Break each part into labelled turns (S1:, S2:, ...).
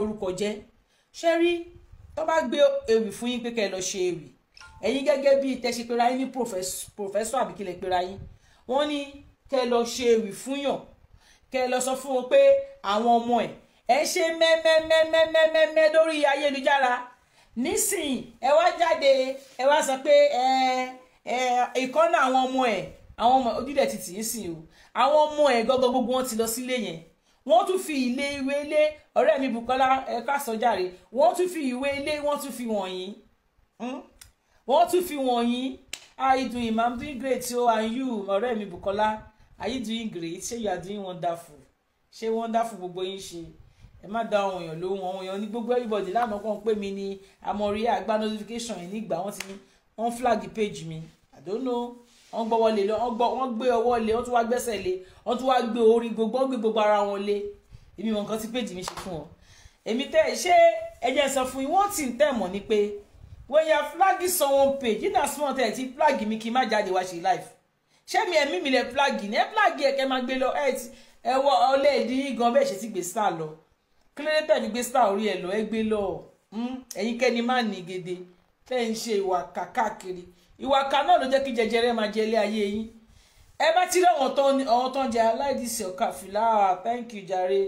S1: orúkọ jẹ́ ṣé rí tó bá gbé ewì fún yín pé kẹ́ ẹ lọ ṣe ewì ẹ̀yin gẹ́gẹ́ bí tẹ̀sí pera yín ní pòfẹ́sọ̀ àbí kílẹ̀ pera yín wọ́n ní kẹ́ ẹ lọ ṣe ewì fún yàn kẹ́ ẹ lọ sọ fún wọn pé àwọn ọmọ ẹ̀ ẹ ṣe mẹ́mẹ́mẹ́mẹ́mẹ́mẹ́ lórí ayélujára nísìnyí ẹ wá jáde ẹ wá sọ pé ẹ ẹ ìkọ́nà àwọn ọmọ ẹ̀ àwọn ọmọ ojúdẹ̀ ti tì í sìn o àwọn ọmọ ẹ̀ gọ́gọ́ gbogbo wọn ti lọ sílé yẹn wọ́n tún fi ilé ìwé ilé ọ̀rẹ́ mi Bukola ẹ̀ka sọ́jàre wọ́n tún fi ìwé ilé wọ́n tún fi wọ̀nyí hmm? wọ́n tún fi wọ̀nyí how you doing i'm doing great So, oh, and you ọ̀rẹ́ mi Bukola are you doing great ṣé you are doing wonderful ṣé wonderful gbogbo yín ṣe ẹ má da àwọn èèyàn lóhùn àwọn èèyàn ní gbogbo everybody lánàá kan pé mi ni amọ̀rí àgbá notification yìí nígbà wọ́n ti wọ́n flag page mi i don't know wọ́n gbọ́wọ́ lé lọ wọ́n gbé ọwọ́ lé wọ́n tún wá gbẹ́sẹ̀ lé wọ́n tún wá gbé orí gbogbo wọ́n gbé gbogbo ara wọn lé èmi mọ̀ nǹkan tí péjì mi ṣe fún ọ èmi tẹ́ ṣé ẹ̀jẹ̀ sọ fún yín wọ́n ti ń tẹ̀ mọ́ ni pé when ya flagi flagging someone page in as small tẹ̀ ti flag mi kí n má jáde wá ṣe live ṣé mi ẹ̀mí mi lẹ flagi ni ẹ flag ẹ kẹ́ máa gbé lọ ẹ ti ẹ wọ ọlẹ́ ìdí gan bẹ́ẹ̀ ṣe ti gbé star lọ kílódé ní gbé star orí ẹ lọ ẹ gbé lọ hmm? ẹ̀yin kẹ́ni má ní gèdè tẹ́ ń ṣe ìwà kàkàkiri ìwà kan náà ló jẹ́ kí jẹjẹrẹ máa jẹ ilé ayé yín ẹ bá ti rí àwọn tó ń jẹ aláìdísì ọkà fìlà thank you jàre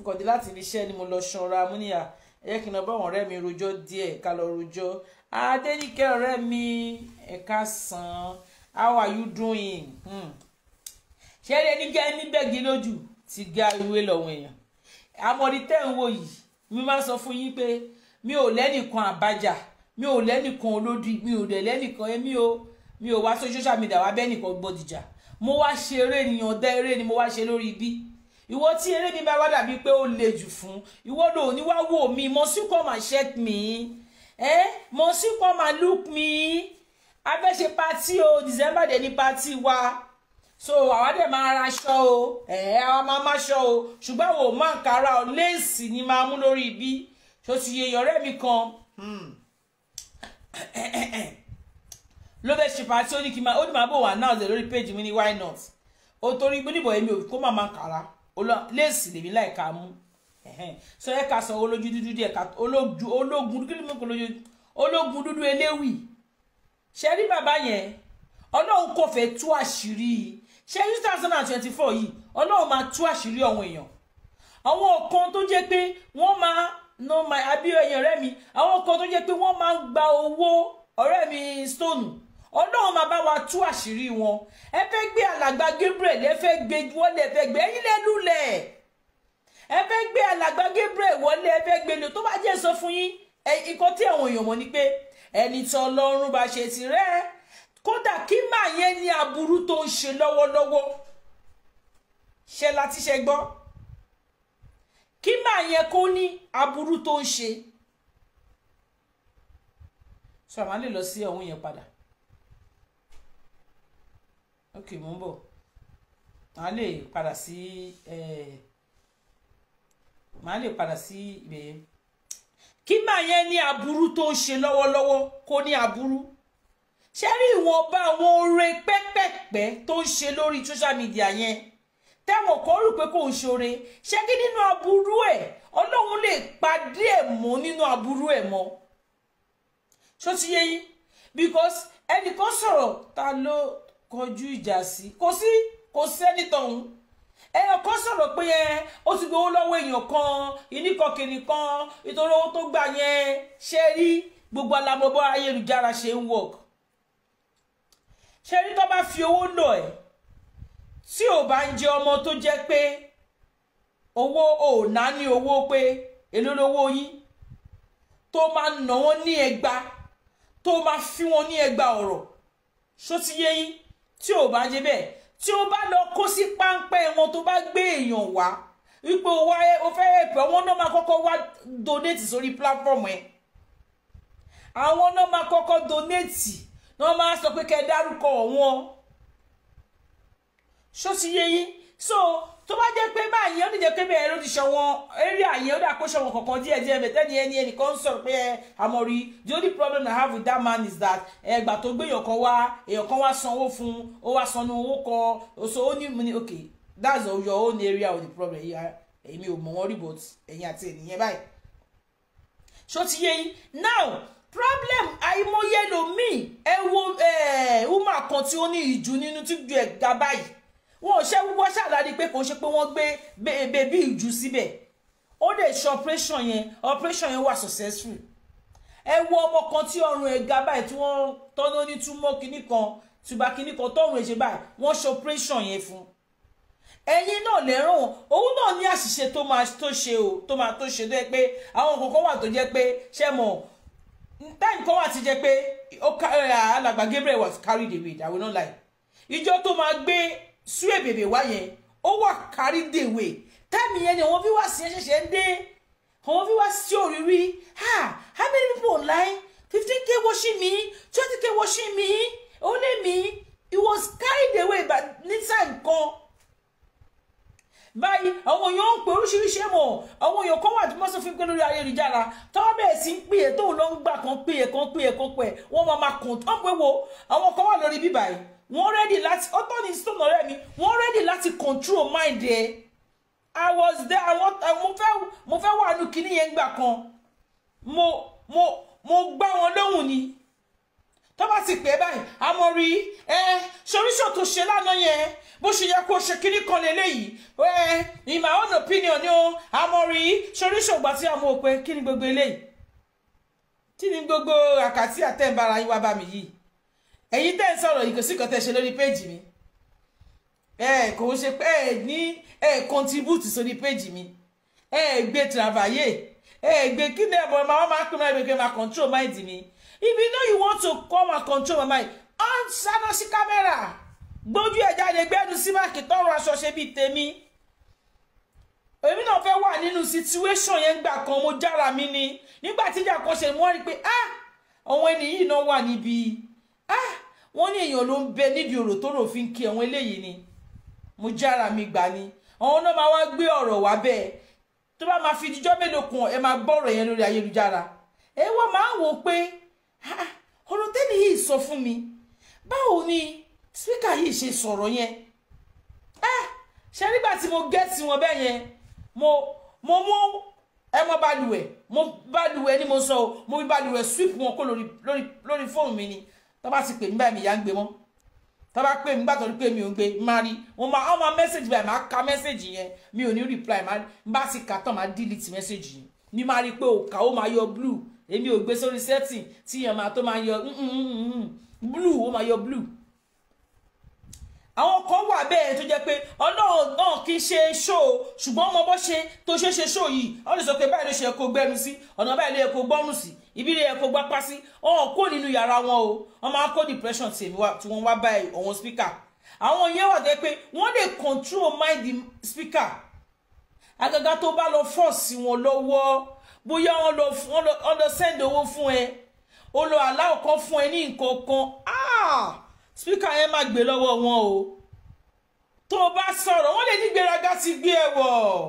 S1: nkọ̀dé láti fi iṣẹ́ ni mo lọ ṣanra mo níyà ẹ jẹ́ kí n lọ bá àwọn ọ̀rẹ́ mi rojọ́ díẹ̀ ká lọ rojọ́ adéníkẹ́ ọ̀rẹ́ mi ẹ̀ka sàn how are you doing hmm. ṣé ẹni gẹ́ nígbẹ̀gì lójú ti ga ìwé lọ́wọ́ èèyàn amọ̀dé tẹ́ ń wò yìí mi máa ń sọ fún yín pé mi ò lẹ́nìkan àbájá mi ò lẹ́nìkan olódì mi ò dẹ̀ lẹ́nìkan èmi ò mi ò wá sí social media wá bẹ́ẹ̀ nìkan gbọ́dìjà mo wá ṣe eré nìyàn dá eré ni mo wá ṣe lórí ibi ìwọ tí eré mi bá wá dàbí pé ó le jù fún ìwọ lò ní wá wò mí mo sì kọ́ máa ṣẹ́t mi ẹ́ mo sì kọ́ máa look mi abẹ́ṣe pati o December dẹ̀ ní pati wa so àwa dẹ̀ máa ra aṣọ o ẹ̀ àwa máa má aṣọ o ṣùgbọ́n àwọn ò máa ń kára o léèsì ni máa mú lórí ibi ṣó ti yẹ ọ̀rẹ́ mi kan. Hmm ló fẹ́ ṣe pàtí ó ní kí ó ní máa bò wá náà lè lórí péjì mi ní why not ó torí gbóníbọ̀ èmi ò kó màmá kàrá léèsì lèmi láìka mú sọ ẹ e ká san olójú dúdú díẹ̀ ká ológun kí ló mú kó lójú ológun dúdú eléwì ṣe rí bàbá yẹn ọlọ́run kò fẹ́ tú àṣírí ṣe two thousand and twenty four yìí ọlọ́run máa tú àṣírí àwọn èèyàn àwọn kan tó jẹ́ pé wọ́n máa no my àbí ẹ̀yìn ọ̀rẹ́ mi àwọn kan tó jẹ́ pé wọ́n máa ń gba owó ọ̀rẹ́ mi stone ọlọ́run máa bá wa tú àṣírí wọn ẹ fẹ́ gbé alàgbà Gabriel ẹ fẹ́ gbé wọlé ẹ fẹ́ gbé ẹ̀yin lẹ́lúlẹ̀ ẹ fẹ́ gbé alàgbà Gabriel wọlé ẹ fẹ́ gbé lò tó bá jẹ́ sọ fún yín ikọ́ tí àwọn èèyàn mọ̀ ni pé ẹni tí ọlọ́run bá ṣe ti rẹ́ kódà kí màá yẹn ní aburú tó ń ṣe lọ́wọ́lọ́wọ́ ṣe láti ṣe gbọ́ kí máa yẹ kó ní aburú tó ń ṣe so àwọn lè lọ sí ọ̀hún yẹn padà ok mo ń bọ̀ màá lè padà sí màá lè padà sí ìbẹ̀yẹ kí máa yẹn ní aburú tó ń ṣe lọ́wọ́lọ́wọ́ kó ní aburú ṣé rí ìwọ̀nba àwọn oore pẹ́pẹ́pẹ́ tó ń ṣe lórí social media yẹn tẹ́wọ̀n kò rò pé kò ń ṣoore ṣé kí nínú aburú ẹ̀ ọlọ́run lè pàdé ẹ̀ mọ́ nínú aburú ẹ̀ mọ́ ṣó ti yé yín because ẹnì kan sọ̀rọ̀ ta ló kọjú ìjà sí kò sí kò sẹ́ni tọ̀hún ẹyọ kan sọ̀rọ̀ pé ẹ ó ti gbowó lọ́wọ́ èèyàn kan ìníkọ̀kìnì kan ìtorí owó tó gbà yẹn ṣe rí gbogbo alamọ̀bọ ayélujára ṣe ń wọ̀k ṣe rí tó bá fi owó lọ ẹ̀ tí ò bá ń jẹ ọmọ tó jẹ́ pé owó ò ná ní owó pé èló lówó yín tó máa nà wọ́n ní ẹgba tó máa fi wọ́n ní ẹgba ọ̀rọ̀ ṣó ti yé yín tí ò bá jẹ bẹ́ẹ̀ tí ó bá lọ kó sí páńpẹ́ wọn tó bá gbé èèyàn wá wípé o wá o fẹ́ ẹ̀pẹ́ àwọn náà máa kọ́kọ́ wá donate sórí platform ẹ̀ àwọn náà máa kọ́kọ́ donate náà máa sọ pé kẹ́ dárúkọ wọn ṣó ti yé yín so tó bá jẹ́ pé báyìí ó dìjẹ́ pé bẹ́ẹ̀ ló ti ṣọwọ́n area yẹn ó dà kó ṣọwọ́n kankan díẹ̀ díẹ̀ bẹ̀ tẹ́ni ẹni ẹnì kan sọ̀rọ̀ pé ẹ àmọ́rí the only problem I have with that man is that ẹgbà tó gbé èèyàn kan wá èèyàn kan wá sanwó fún ó wá sanu owó kan so ó ní mo okay. ok that's your own area of the problem èmi ò mọ̀ wọ́n rí but ẹ̀yin àti ènìyàn báyìí ṣó ti yé yín now problem àìmọye lomi ẹ wo ẹ woman kan tí ó ní ìjú nínú tí ju ẹ̀ ga báyìí wọn ò ṣe wọ́n ṣàlàyé pé kò ṣe pé wọ́n gbé bèbí ìjù síbẹ̀ ó lè ṣe operation yẹn operation yẹn wà successful ẹ wo ọmọ kan tí ọrùn ẹ̀ ga báyìí tí wọ́n tọ́nà ní túmọ̀ kínní kan tùbà kínní kan tọ́rùn ẹ̀ ṣe báyìí wọ́n ṣe operation yẹn fún un ẹ̀yin náà lẹ́rùn òun náà ní àṣìṣe tó máa tó ṣe o tó máa tó ṣe tó yẹ pé àwọn kọ̀ọ̀kan wà tó jẹ́ pé ṣe mọ̀ táyì kan wà ti jẹ́ pé alàgbà Gabriel was carried away I will not lie ìjọ tó máa gbé súwé bèbè wá yẹn ó wà kárí dèwé táàmì yẹn ni àwọn viewers yẹn ṣẹ̀ṣẹ̀ ń dé àwọn viewers tí ò rí ha how many people online fifteen k watching me twenty k watching me only me it was carried away by nisa nkan báyìí àwọn èèyàn ń pè oríṣiríṣi ẹ̀mọ̀ àwọn èèyàn kan wà tí wọ́n sọ fún pé lórí ayélujára tọ́wọ́ bẹ̀rẹ̀ sí ń pè é tóun lọ ń gbà kan pè é kan pè é kan pè é wọ́n máa ma kàn án pé wo àwọn kan wà lórí bíbáyìí wọ́n ready láti ọ̀tọ̀ ní stone ọ̀rẹ́ mi wọ́n ready láti control mind ẹ̀ i was there àwọn mo fẹ́ mo fẹ́ wà nù kíní yẹn gbà kan mo mo mo gbá wọn lóhùn ni tó bá ti pè é báyìí àmọ́ rí ẹ ṣoríṣò tó ṣe lánàá yẹn bó ṣe yẹ kó ṣe kíní kan lélẹ́yìí ẹ in my own opinion ni o àmọ́ rí ṣoríṣò gbà tí àmọ́ òpin kí ni gbogbo eléyìí kí ni gbogbo àkàtì àtẹ̀ǹbára yín wá bá mi yìí ẹ̀yin tẹ́ ń sọ̀rọ̀ yìí kò sí nǹkan tẹ́ ṣe lórí péjì mi ẹ kò ń ṣe pé ẹ ní ẹ kọntibútì sórí péjì mi ẹ gbé travayé ẹ gbé kí ni ẹ̀bùn ẹ̀ máa máa pín máa gbé máa control mind mi if you know you want to come and control my mind on sáná sí kámẹ́rà gbójú ẹ̀ jáde gbẹ́nu sí máàkì tọrọ aṣọ ṣe bíi tèmi èmi náà fẹ́ wà nínú situation yẹn gbà kan mo jára mi ni nígbà tíjà kan ṣe mọ́ rí pé ah àwọn ènìyàn náà wà níbi Ah, wọ́n ní èèyàn ló ń bẹ nídìí ọ̀rọ̀ tó rò fi ń kí àwọn eléyìí ni mo jára mi gbà ni àwọn náà máa wá gbé ọ̀rọ̀ wá bẹ́ẹ̀ tó bá máa fi dijọ́ mélòó kan ẹ máa gbọ́ ọ̀rọ̀ yẹn lórí ayélujára ẹ wá máa wò ó pé ah, ah, ọ̀rọ̀ tẹ́lẹ̀ yìí sọ fún mi báwo ni spíkà yìí ṣe sọ̀rọ̀ yẹn ṣe nígbà tí mo gẹ́tì wọn bẹ́ẹ̀ yẹn mo mo mú ẹ mọ balùwẹ̀ mo balùwẹ̀ ni mo sọ mo fi balùwẹ̀ sweep wọn kó lórí lórí lórí fóònù mi ni tó bá sì pè mí báyìí mi ìyá ń gbé mọ́ tó bá pè mí gbà tó rí pé mi ò ń gbé má rí wọn máa ọmọ mẹ́sẹ̀gì báyìí máa ka mẹ́sẹ̀gì yẹn mi ò ní reply má bá sì kà tán máa delete mẹ́sẹ̀gì yẹn mi máa rí pé òkà ó máa yọ blue èmi ò gbé sórí setting tí yẹn máa tó máa yọ mm, mm, mm, blue ó máa yọ blue àwọn kan wà bẹ́ẹ̀ tó jẹ́ pé ọlọ́run náà kì í ṣe ṣóò ṣùgbọ́n ọmọ bọ́ ṣe tó ṣe ṣe ṣóò yìí ọlọ́run sọ pé báyìí ló ṣe kó gbẹ́nu sí ọ̀nà báyìí ló ibi rẹ̀ kò gbá pásí ọ̀hún kó nínú yàrá wọn o wọ́n máa kó depression tí wọ́n wá bá ọ̀hún speaker àwọn yẹn wà dé pé wọ́n lè control mind the speaker àgàgà tó bá lọ force wọn lọ́wọ́ bóyá wọ́n lọ wọ́n lọ send owó fún ẹ ó lọ aláwọ̀ kan fún ẹ ní nǹkan kan ah! speaker yẹn máa gbé lọ́wọ́ wọn o tó o bá sọ̀rọ̀ wọ́n lè ní gbéraga ti gbé ẹ̀wọ̀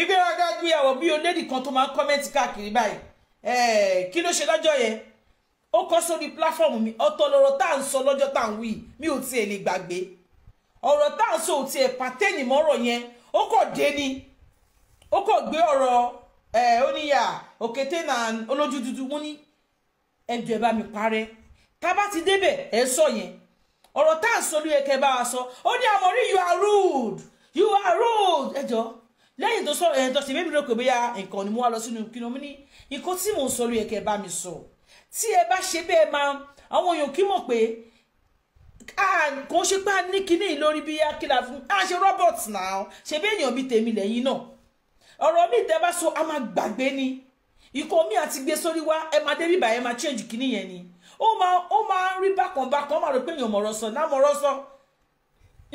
S1: ìgbéraga gbé ẹ̀wọ̀ bí onídìí kan tó máa ń kọ́mẹ́ǹtì káàkiri báyìí Eh, kí ló ṣe lọ́jọ́ yẹn ó kọ́ sórí platform mi ọ̀tọ̀ lọ́rọ̀ tá à ń sọ lọ́jọ́ tá à ń wí mi ò tiẹ̀ lè gbàgbé ọ̀rọ̀ tá à ń sọ ò tiẹ̀ pàtẹ́ẹ̀nì mọ́rọ̀ yẹn ó kọ̀ dé ni ó kọ̀ gbé ọ̀rọ̀ oníyà eh, òkété náà olójú dúdú mú ní ẹjọ́ ẹ bá mi parẹ́ tá a bá ti débẹ̀ ẹ sọ yẹn ọ̀rọ̀ tá à ń sọ ló yẹ bá wa sọ ó ní Amori you are rude you are rude ẹjọ́. E lẹ́yìn tó sọ̀rọ̀ ẹ̀yìn tó ṣe bébí lóko bóyá nǹkan ni mo wá lọ sínú kí ni mo ní nǹkan tí mò ń sọ ló yẹ kẹ́ ẹ bá mi sọ tí ẹ bá ṣe bẹ́ẹ̀ máa àwọn èèyàn kí mọ̀ pé kò ń ṣe pé a ní kinní yìí lórí bí akíla fún a ṣe robot náà ṣe bí èèyàn bíi tèmi lẹ́yìn náà ọ̀rọ̀ mi ìtẹ́ bá sọ a máa gbàgbé ni ikọ̀ mi àti gbé sórí wá ẹ máa débí bàá ẹ máa change kinní yẹn ni ó máa ó máa ń rí bákan bákan ó máa rò pé èèyàn mọ̀rọ̀ sọ náà mọ̀rọ̀ sọ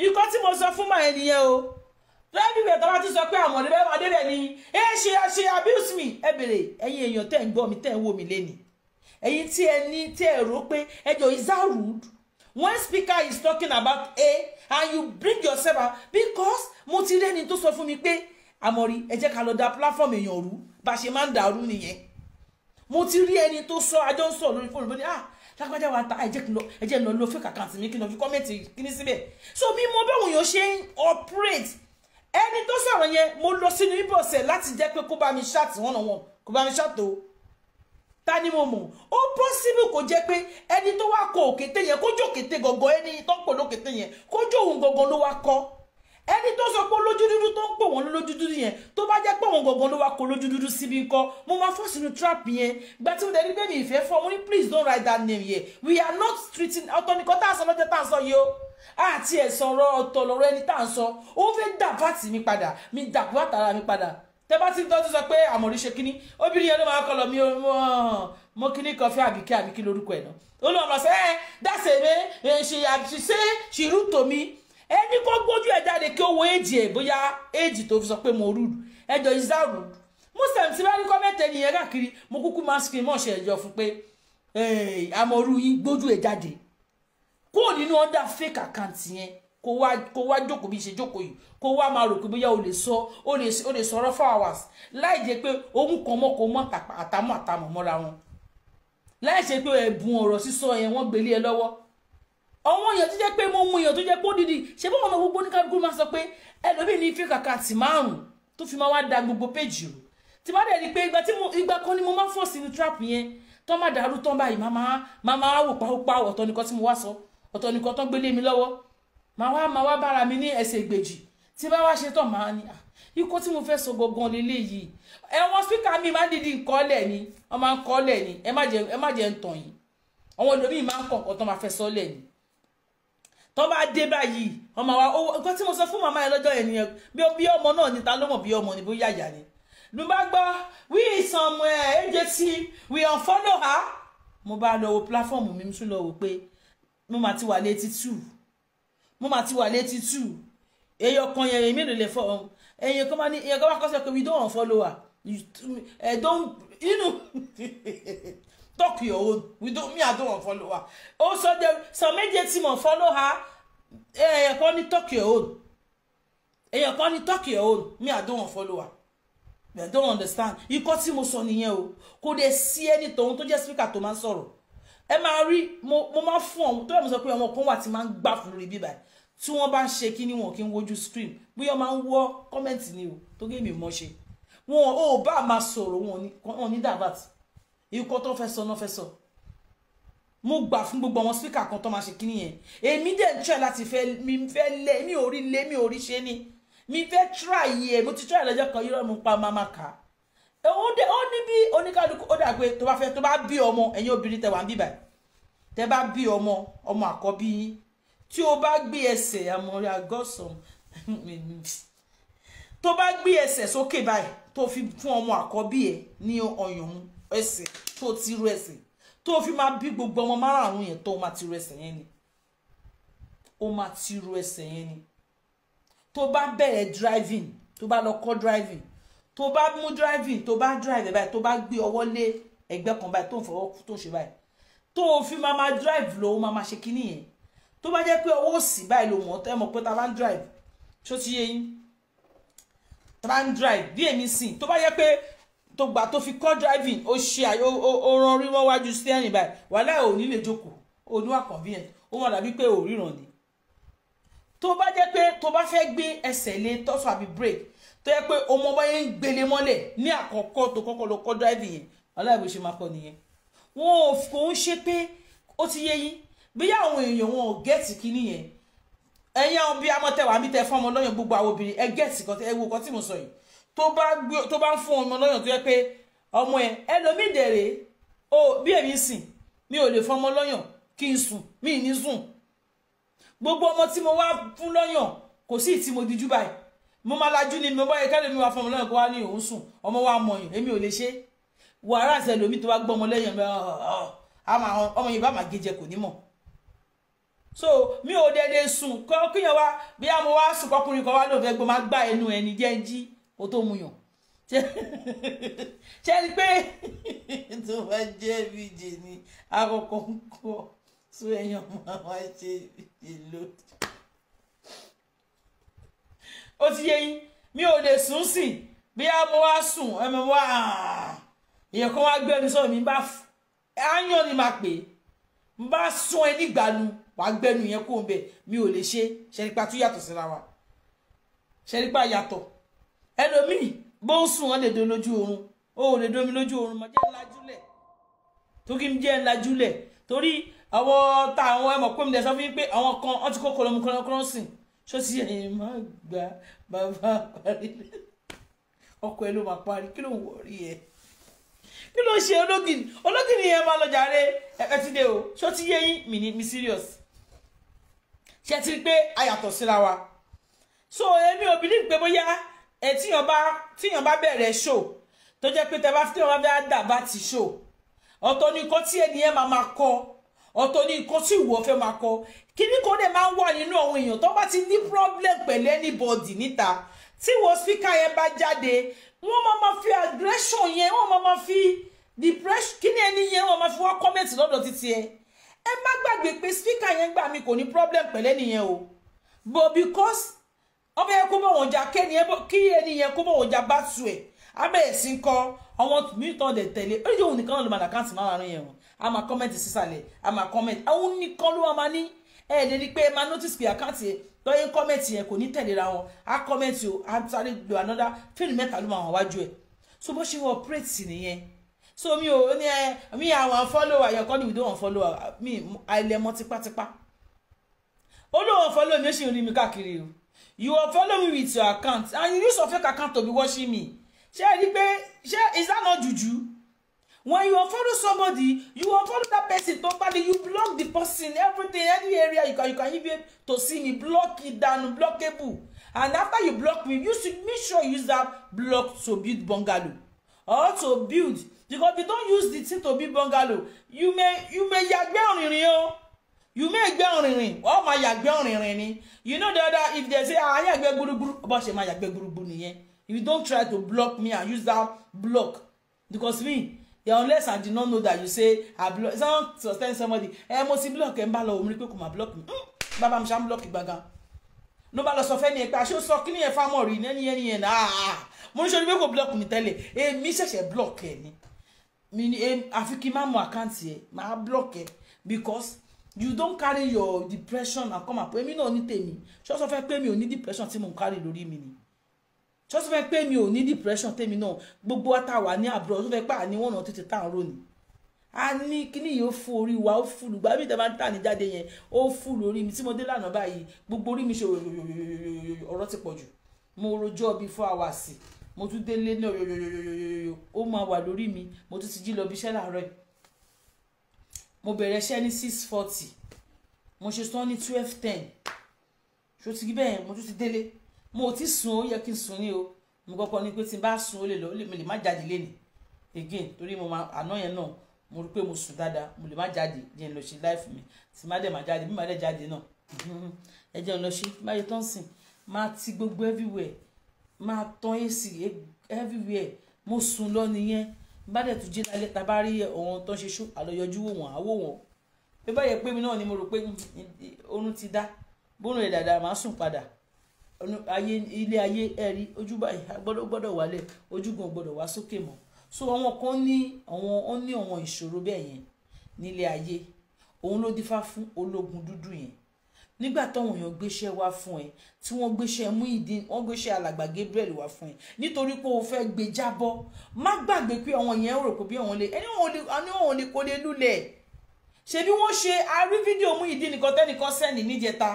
S1: ikọ̀ tí mo sọ fún màá ẹnìyẹn o lẹ́bìwẹ̀ tó bá ti sọ pé àwọn ọ̀dẹ́bẹ́ ọmọdé rẹ̀ ni ẹ ṣe ẹ ṣe abuse me ẹ bèrè ẹ̀yin èèyàn tẹ̀ ń gbọ́ mi tẹ̀ ń wò mí lẹ́nìí ẹ̀yin tí ẹ ní tí ẹ rò pé ẹjọ́ is that rude when speaker is talking about a and you bring yourself out because mo ti rẹ́ni tó sọ me. mi pé àmọ̀rí ẹ jẹ́ ká lọ da platform èèyàn rú bá a ṣe máa ń dàrú nìyẹn mo ti rí ẹni tó sọ àjọ ń sọ lórí fóònù bóni ah lágbájá wa ta ẹ jẹ́ kí lọ ẹ jẹ́ lọ lo fake account mi kí lọ fi kọ́mẹ̀tì kíní síbẹ̀ so mi mo bẹ́ẹ̀ wọ̀nyàn ṣe ń operate ẹni tó sọ̀rọ̀ yẹn mo lọ sínú inbox ẹ̀ láti jẹ́ pé kó bá mi ṣáàtì wọ́n náà wọ́n kó bá mi ṣáàtò ta ni mo mọ̀ ó pọ́sibú kó jẹ́ pé ẹni tó wá kọ òkété yẹn kójú òkété gangan ẹni tó ń pè lókété yẹn kójú òun gangan ló wá kọ́ ẹni tó sọ pé olójú dúdú tó ń pè wọ́n lójú dúdú yẹn tó bá jẹ́ pé òun gangan ló wá kó lójú dúdú síbi ńkọ́ mo máa fọ́ sínú trap yẹn gba tí mo dẹ̀ ní mi ìfẹ́ fọ́ mo ní please don't write that name here we are not treating ọ̀tọ̀ nìkan tá à sọ lọ́jọ́ tá à sọ yìí o àti ẹ̀sán ọ̀rọ̀ ọ̀tọ̀ lọ́rọ̀ ẹni tá à sọ ó fẹ́ dàbàtì mi padà mi dàbàtàrà mi padà tẹ bá ti tọ́jú sọ pé àmọ̀rí kínní obìnrin yẹn ló máa kọlọ̀ mi mo kínní kan fẹ́ àbíkí àbíkí lórúkọ ẹ̀ náà ó lọ́ọ́ mọ̀ sẹ́ ẹ́ dáṣẹ́ mi ṣe àṣìṣe ṣìrú tòmí ẹni kó gbójú ẹ̀ jáde kí ó wo èjì ẹ̀ bóyá èjì tó fi sọ pé mo rúdù ẹjọ́ ìzá rúdù muslim ti bá rí kọ́mẹ́tẹ̀ ènìyàn káàkiri mo kúkú máa ń sìn mọ́ ṣe ẹjọ́ fún pé amọ̀rú yín gbójú ẹ̀ jáde kó o nínú under fake account yẹn kó wá kó wá jókòó bí ṣe jókòó yìí kó wá máa rò pé bóyá o lè sọ o lè o four hours láì jẹ́ pé ohun kan mọ́ kó mọ́ àtàmọ́ àtàmọ́ mọ́ra wọn láì ṣe pé ẹ̀bùn ọ̀rọ̀ sísọ yẹn wọ́n gbélé ẹ lọ́wọ́ àwọn èèyàn tó jẹ́ pé mo mú èèyàn tó jẹ́ pé ó dìdì ṣé bọ́n ọ̀nà gbogbo oníkálukú máa sọ pé ẹlòmíì ní ife kàkà tì márùn-ún tó fi máa wá da gbogbo péjì rò tí bá dẹ̀ ni pé ìgbà tí mo ìgbà kan ni mo máa fọ̀ sínú trap yẹn tó máa dàrú tán báyìí máa máa máa wò páwópá ọ̀tọ̀ nìkan tí mo wá sọ ọ̀tọ̀ nìkan tó gbélé mi lọ́wọ́ máa wá máa wá bára mi ní ẹsẹ̀ ìgbèjì tí bá wá ṣe tán máa ní ah, ikọ́ tí mo fẹ́ sọ gangan leléyìí ẹ̀wọ̀n spíkà mi máa ń dìdí nkọ́lẹ̀ ni wọ́n máa ń kọ́lẹ̀ ni ẹ má jẹ́ ẹ má jẹ́ ń tàn yín àwọn olómi máa ń kọ̀ ọ̀tọ̀ máa fẹ́ sọ́lẹ̀ ni tó bá dé báyìí ọmọ wa nǹkan tí mo sọ fún màmá yẹn lọ́jọ́ yẹn nìyẹn bí ọmọ náà ni ló mọ̀ bí ọmọ ni bóyá ìyá ni ló bá gbọ́ wí ìsànmù eh, agency we unfollow her mo bá lọ wo platform mi tún lọ wò pé mo mà ti wà létí tù mo mà ti wà létí tù èyí ọkàn yẹn èyí mélòó lè fọ um, ọhún èyí kan máa ní èyí kan máa kọ́ sí pé we don't unfollow her ẹ eh, don't you talk your own we don't me i don't want follow her also there some agency must follow her èèyàn you ní talk your own èèyàn you ní talk your own me i don't want follow her i don't understand You tí mo sọ nìyẹn o Could they see ẹni tòun tó jẹ́ speaker tó máa ń sọ̀rọ̀ ẹ máa rí mo máa fún ọ̀hún tó yẹ mo sọ pé ọmọ kan wà tí máa ń gbà fún lórí bíbá tí wọ́n bá ń ṣe kí ni wọn kì í wojú screen bóyá máa ń wọ́ kọ́mẹ̀ntì ni o tó gé mi mọ́ ṣe wọn ò bá máa sọ̀rọ̀ wọn ò ní divert ikọ́ tó fẹ́ sọ náà fẹ́ sọ mo gbà fún gbogbo àwọn spíkà kan tó máa ṣe kíní yẹn èmi dẹ̀ ń try láti fẹ́ mi fẹ́ lé mi ò rí lé mi ò rí ṣe ni mi fẹ́ try yẹ mo ti try lọ́jọ́ kan yíró mi pa máma kà ó ní bí oníkálukú ó dà pé tó bá fẹ́ tó bá bí ọmọ ẹ̀yin obìnrin tẹ̀ wá ń bíbà tẹ́ bá bí ọmọ ọmọ àkọ́bí yín tí o bá gbé ẹsẹ̀ àmọ́ra gọ́sàn tó bá gbé ẹsẹ̀ sókè báyìí tó fi fún ọmọ àkọ́bí ẹ̀ ní ọyàn ẹ̀sìn tó ti rú ẹ̀sìn tó fi máa bí gbogbo ọmọ márààrún yẹn tó máa ti rú ẹ̀sìn yẹn ni ó máa ti rú ẹ̀sìn yẹn ni tó bá bẹ̀rẹ̀ driving tó bá lọ kọ́ driving tó bá mú driving tó bá drive báyìí tó bá gbé ọwọ́ lé ẹgbẹ́ kan báyìí tó ń fọwọ́ tó ń ṣe báyìí tó fi máa máa drive lọ ó máa máa ṣe kinní yẹn tó bá jẹ́ pé ọwọ́ òsì báyìí ló mọ̀ ọ́ tẹ́ pé ta bá ń drive ṣó ti yé yín ta bá ń drive bí èmi sìn tó bá jẹ́ pé tó gbà tó fi kọ́ driving ó ṣe ó rán ríwọ́ wájú steering báyìí wàhálà ò ní lè jókòó ó ní wà convenient ó wọn dàbí pé ò ríran ni tó bá jẹ́ pé tó bá fẹ́ gbé ẹsẹ̀ lé tọ́sọ̀ àbí brake tó yẹ pé ọmọ bá yẹn ń gbélé mọ́lẹ̀ ní àkọ́kọ́ tó kọ́kọ́ lọ kọ́ driving yẹn wàhálà ìwé ṣe máa kọ́ nìyẹn wọn ò kò ń ṣe pé ó ti yé yín bí àwọn èèyàn wọn ò gẹ́ẹ̀tì kínní yẹn ẹ̀yin àwọn bí amọ̀tẹ̀wà mi tẹ fún ọmọ lọ́yàn gbogbo àwọn obìnrin ẹ gẹ́ẹ̀tì kan ẹ wo kan tí mo sọ yìí tó bá gbé tó bá ń fún ọmọ lọ́yàn tó yẹ pé ọmọ ẹ ẹlòmíì dẹ̀rẹ̀ o bí èmi sìn mi ò lè fún ọmọ lọ́yàn kí n sùn mi ì ní sùn gbogbo ọmọ tí mo wá fún lọ́yàn kò sí tí mo dijú báyìí mo máa lajú ni mo bá yẹ kẹ́lẹ́ mi wá fún ọmọ lọ́yàn kó wá ní òun sùn ọmọ wa mọ̀yàn èmi ò lè ṣe wàhálà àti ẹlòmíì tó wá gbọ́ ọmọ lẹ́yìn ọmọ yorùbá máa gé jẹ kò ní mọ̀ so mi ò dẹ́dẹ́ sùn kíyàn wá bí a mo wá sùn kọkùnrin kan wá lóun fẹ́ gbọ́ máa gbá ẹnu ẹni jẹ́ ń jí o tó mu yàn ṣe ni pé tó bá jẹ́ bj ni àkọ́kọ́ ń kọ́ so ẹ̀yàn máa wá ṣe èlò. ó ti yé yín mi ò lè sùn sí bí a mo wá sùn ẹ mo wá ah! èèyàn kan wá gbé ẹnu sọ mi bá áyàn ni màá pè n bá sún ẹ nígbàánu wàá gbẹnu yẹn kó o bẹ mi ò lè ṣe ṣẹlípa tún yàtọ̀ síra wa ṣẹlípa yàtọ̀ ẹlòmíì bó ń sùn wọn lè do lójú oorun ó ò lè domi lójú oorun mọ jẹ́ ńlájúlẹ̀ tó kí n jẹ́ ńlájúlẹ̀ torí àwọn ta àwọn ẹmọ pé mi lè sọ fún yín pé àwọn kan wọn ti kó kọlọmù kọlọmù sìn ṣó ti ẹ̀yìn máa gba bàbá parí ọkọ ẹ ló máa parí kí ló ń wọrí ẹ kí ló ń ṣe ológìní ológìní yẹn máa lọ jàre ẹ ti dé o ṣó ti yé yín mi ní mi serious ṣe ti rí pé a yàtọ̀ síra wa so èmi ò believe pé bóyá ẹ tíyàn bá tíyàn bá bẹ̀rẹ̀ ṣò tó jẹ́ pé tẹ́lá tíyàn bá bẹ̀rẹ̀ dà bá ti ṣò ọ̀tọ̀ ni nǹkan tí ènìyàn máa máa kọ ọ̀tọ̀ ni nǹkan tí ìwọ fẹ́ máa kọ kíní kan dẹ̀ máa ń wà nínú àwọn èèyàn tó bá ti ní problem pẹ̀lú anybody níta tí wọ́n speaker yẹn bá jáde wọ́n máa ma fi aggression yẹn wọ́n máa ma fi depression kíní ẹni yẹn wọ́n máa fi wá comment lọ́dọ̀ títí ẹ ẹ má gbàgbé pé speaker yẹn gbà mí kò ní problem pẹ̀lú ẹnìyẹn o but because ọbẹ̀ yẹn kó bọ̀ wọ́n jà kí ẹni yẹn kó bọ̀ wọ́n jà bá tu ẹ̀ abẹ́yẹ̀ sí ń kọ́ àwọn mìíràn lè tẹ̀lé ó yẹ òun nìkan náà ló máa dàkáǹtì máa rìn yẹn a máa kọ́mẹ̀ntì sísàlẹ̀ a máa kọ́mẹ̀ntì òun nìkan ló máa ní ẹ̀ lè rí pé máa notice pé àkáǹtì yẹn lọ́yẹ́ ń kọ́mẹ̀ntì yẹn kò ní tẹ̀léra wọn á kọ́mẹ̀ntì o á sáré lo another fíìlì mẹ́ta ló máa wọ́n wájú ẹ̀ so bó ṣe wọ́n operate nìyẹn so mi ò ní ẹ mi àwọn follower yẹn kọ́ ni we don follower mi àìlẹ́mọ́ tipátipá ó lóun follow mi ó sì ń rí mi káàkiri o you are following me with your account and you use your fake account to be watching me ṣé ẹ rí pé ṣé is that not juju when you follow somebody you follow that person totally you block the person everything any area you can you can even to see me block it down block blockable and after you block me you should make sure you use that block to build bungalow or to build because if you don use the thing to build bungalow you may you may yagbe orinrin o you may gbẹ́ ọ̀rìnrìn wọ́n máa yàgbẹ́ ọ̀rìnrìn ni you know the other if they say ah yàgbẹ́ gburugburu bó ṣe máa yàgbẹ́ gburugburu nìyẹn if you don't try to block me and use that block because me yeah, unless I did not know that you say I block someone sustain somebody ẹ eh, mo ti block ẹ ń bá lọ omi pé kò máa block me. Hmm, bàbá mi ṣá ń block gbàgán No bá lọ sọ fẹ́ ni ẹ pé aṣọ sọ kí ni ẹ fámọ́ rí ní ẹni yẹn náà mo ní sọ pé kò block mi tẹ́lẹ̀ èmi ṣẹ̀ṣẹ̀ block ẹ ni àfi kí n má mọ àkáǹtì ẹ máa block ẹ because you don carry your depression and come and pray mi náà ní tèmi ṣọ́sọ́ fẹ́ pé mi ò ní depression tí mo carry lórí mi ni ṣọ́sọ́ fẹ́ pé mi ò ní depression tèmi náà gbogbo wa tá wà ní àbúrò ṣọ́sọ́ fẹ́ pé àní wọ́n náà tètè tá à ń rò ní. a ní kíní yìí ó fún orí wa ó fún lùgbà bí ìjọba ń tà ní jáde yẹn ó fún lórí mi tí mo dé lánàá báyìí gbogbo orí mi ṣe ọ̀rọ̀ ti pọ̀ jù mo rojọ́ bíi four hours mo tún délé náà ó máa wà lórí mi mo tún ti jí lọ bí iṣẹ́ láàárọ̀ mo bẹ̀rẹ̀ iṣẹ́ ní six forty mo ṣe tán ní twelve ten ṣó ti bẹ́ẹ̀ mo tún ti délé mo ò tí sùn ó yẹ kí n sùn ní o mo kọ́kọ́ ní pé tí n bá sùn ó lè lọ mo lè má jáde léni again torí mo máa àná yẹn náà mo rí pé mo sùn dáadáa mo lè má jáde jẹ́ n lọ ṣe life mi tí má dẹ̀ má jáde bí má dẹ̀ jáde náà ẹ jẹ́ n lọ ṣe báyìí tán sìn máa ti gbogbo everywhere máa tán èsì everywhere mo sùn lọ nìyẹn bá dẹ̀ tún jí lálẹ́ tá a bá rí ohun tó ń ṣe ṣú àlọ́yọjú wò wọ́n àwò wọ́n bí báyẹ̀ pé mi náà ni mo rò pé hmm, oorun ti dá bóun rẹ̀ dáadáa máa sùn padà ayé ilé ayé ẹ̀rí ojú báyìí gbọ́dọ̀ gbọ́dọ̀ wálẹ̀ ojúgun gbọ́dọ̀ wá sókè mọ́ so àwọn kan ní àwọn ó ní àwọn ìṣòro bẹ́ẹ̀ yẹn nílé ayé òun ló dífá fún ológun dúdú yẹn nígbà táwọn èèyàn gbéṣẹ́ wá fún ẹ tí wọ́n gbéṣẹ́ Muyideen wọ́n gbéṣẹ́ alàgbà Gabriel wá fún ẹ nítorí pé o fẹ́ gbé jábọ́ má gbàgbé pé àwọn yẹn rò pé bí àwọn lè ẹni wọn ò lè kó lè lulẹ̀ ṣebí wọ́n ṣe a rí fídíò Muyideen nìkan tẹ́nìkan sẹ́ndì níjẹta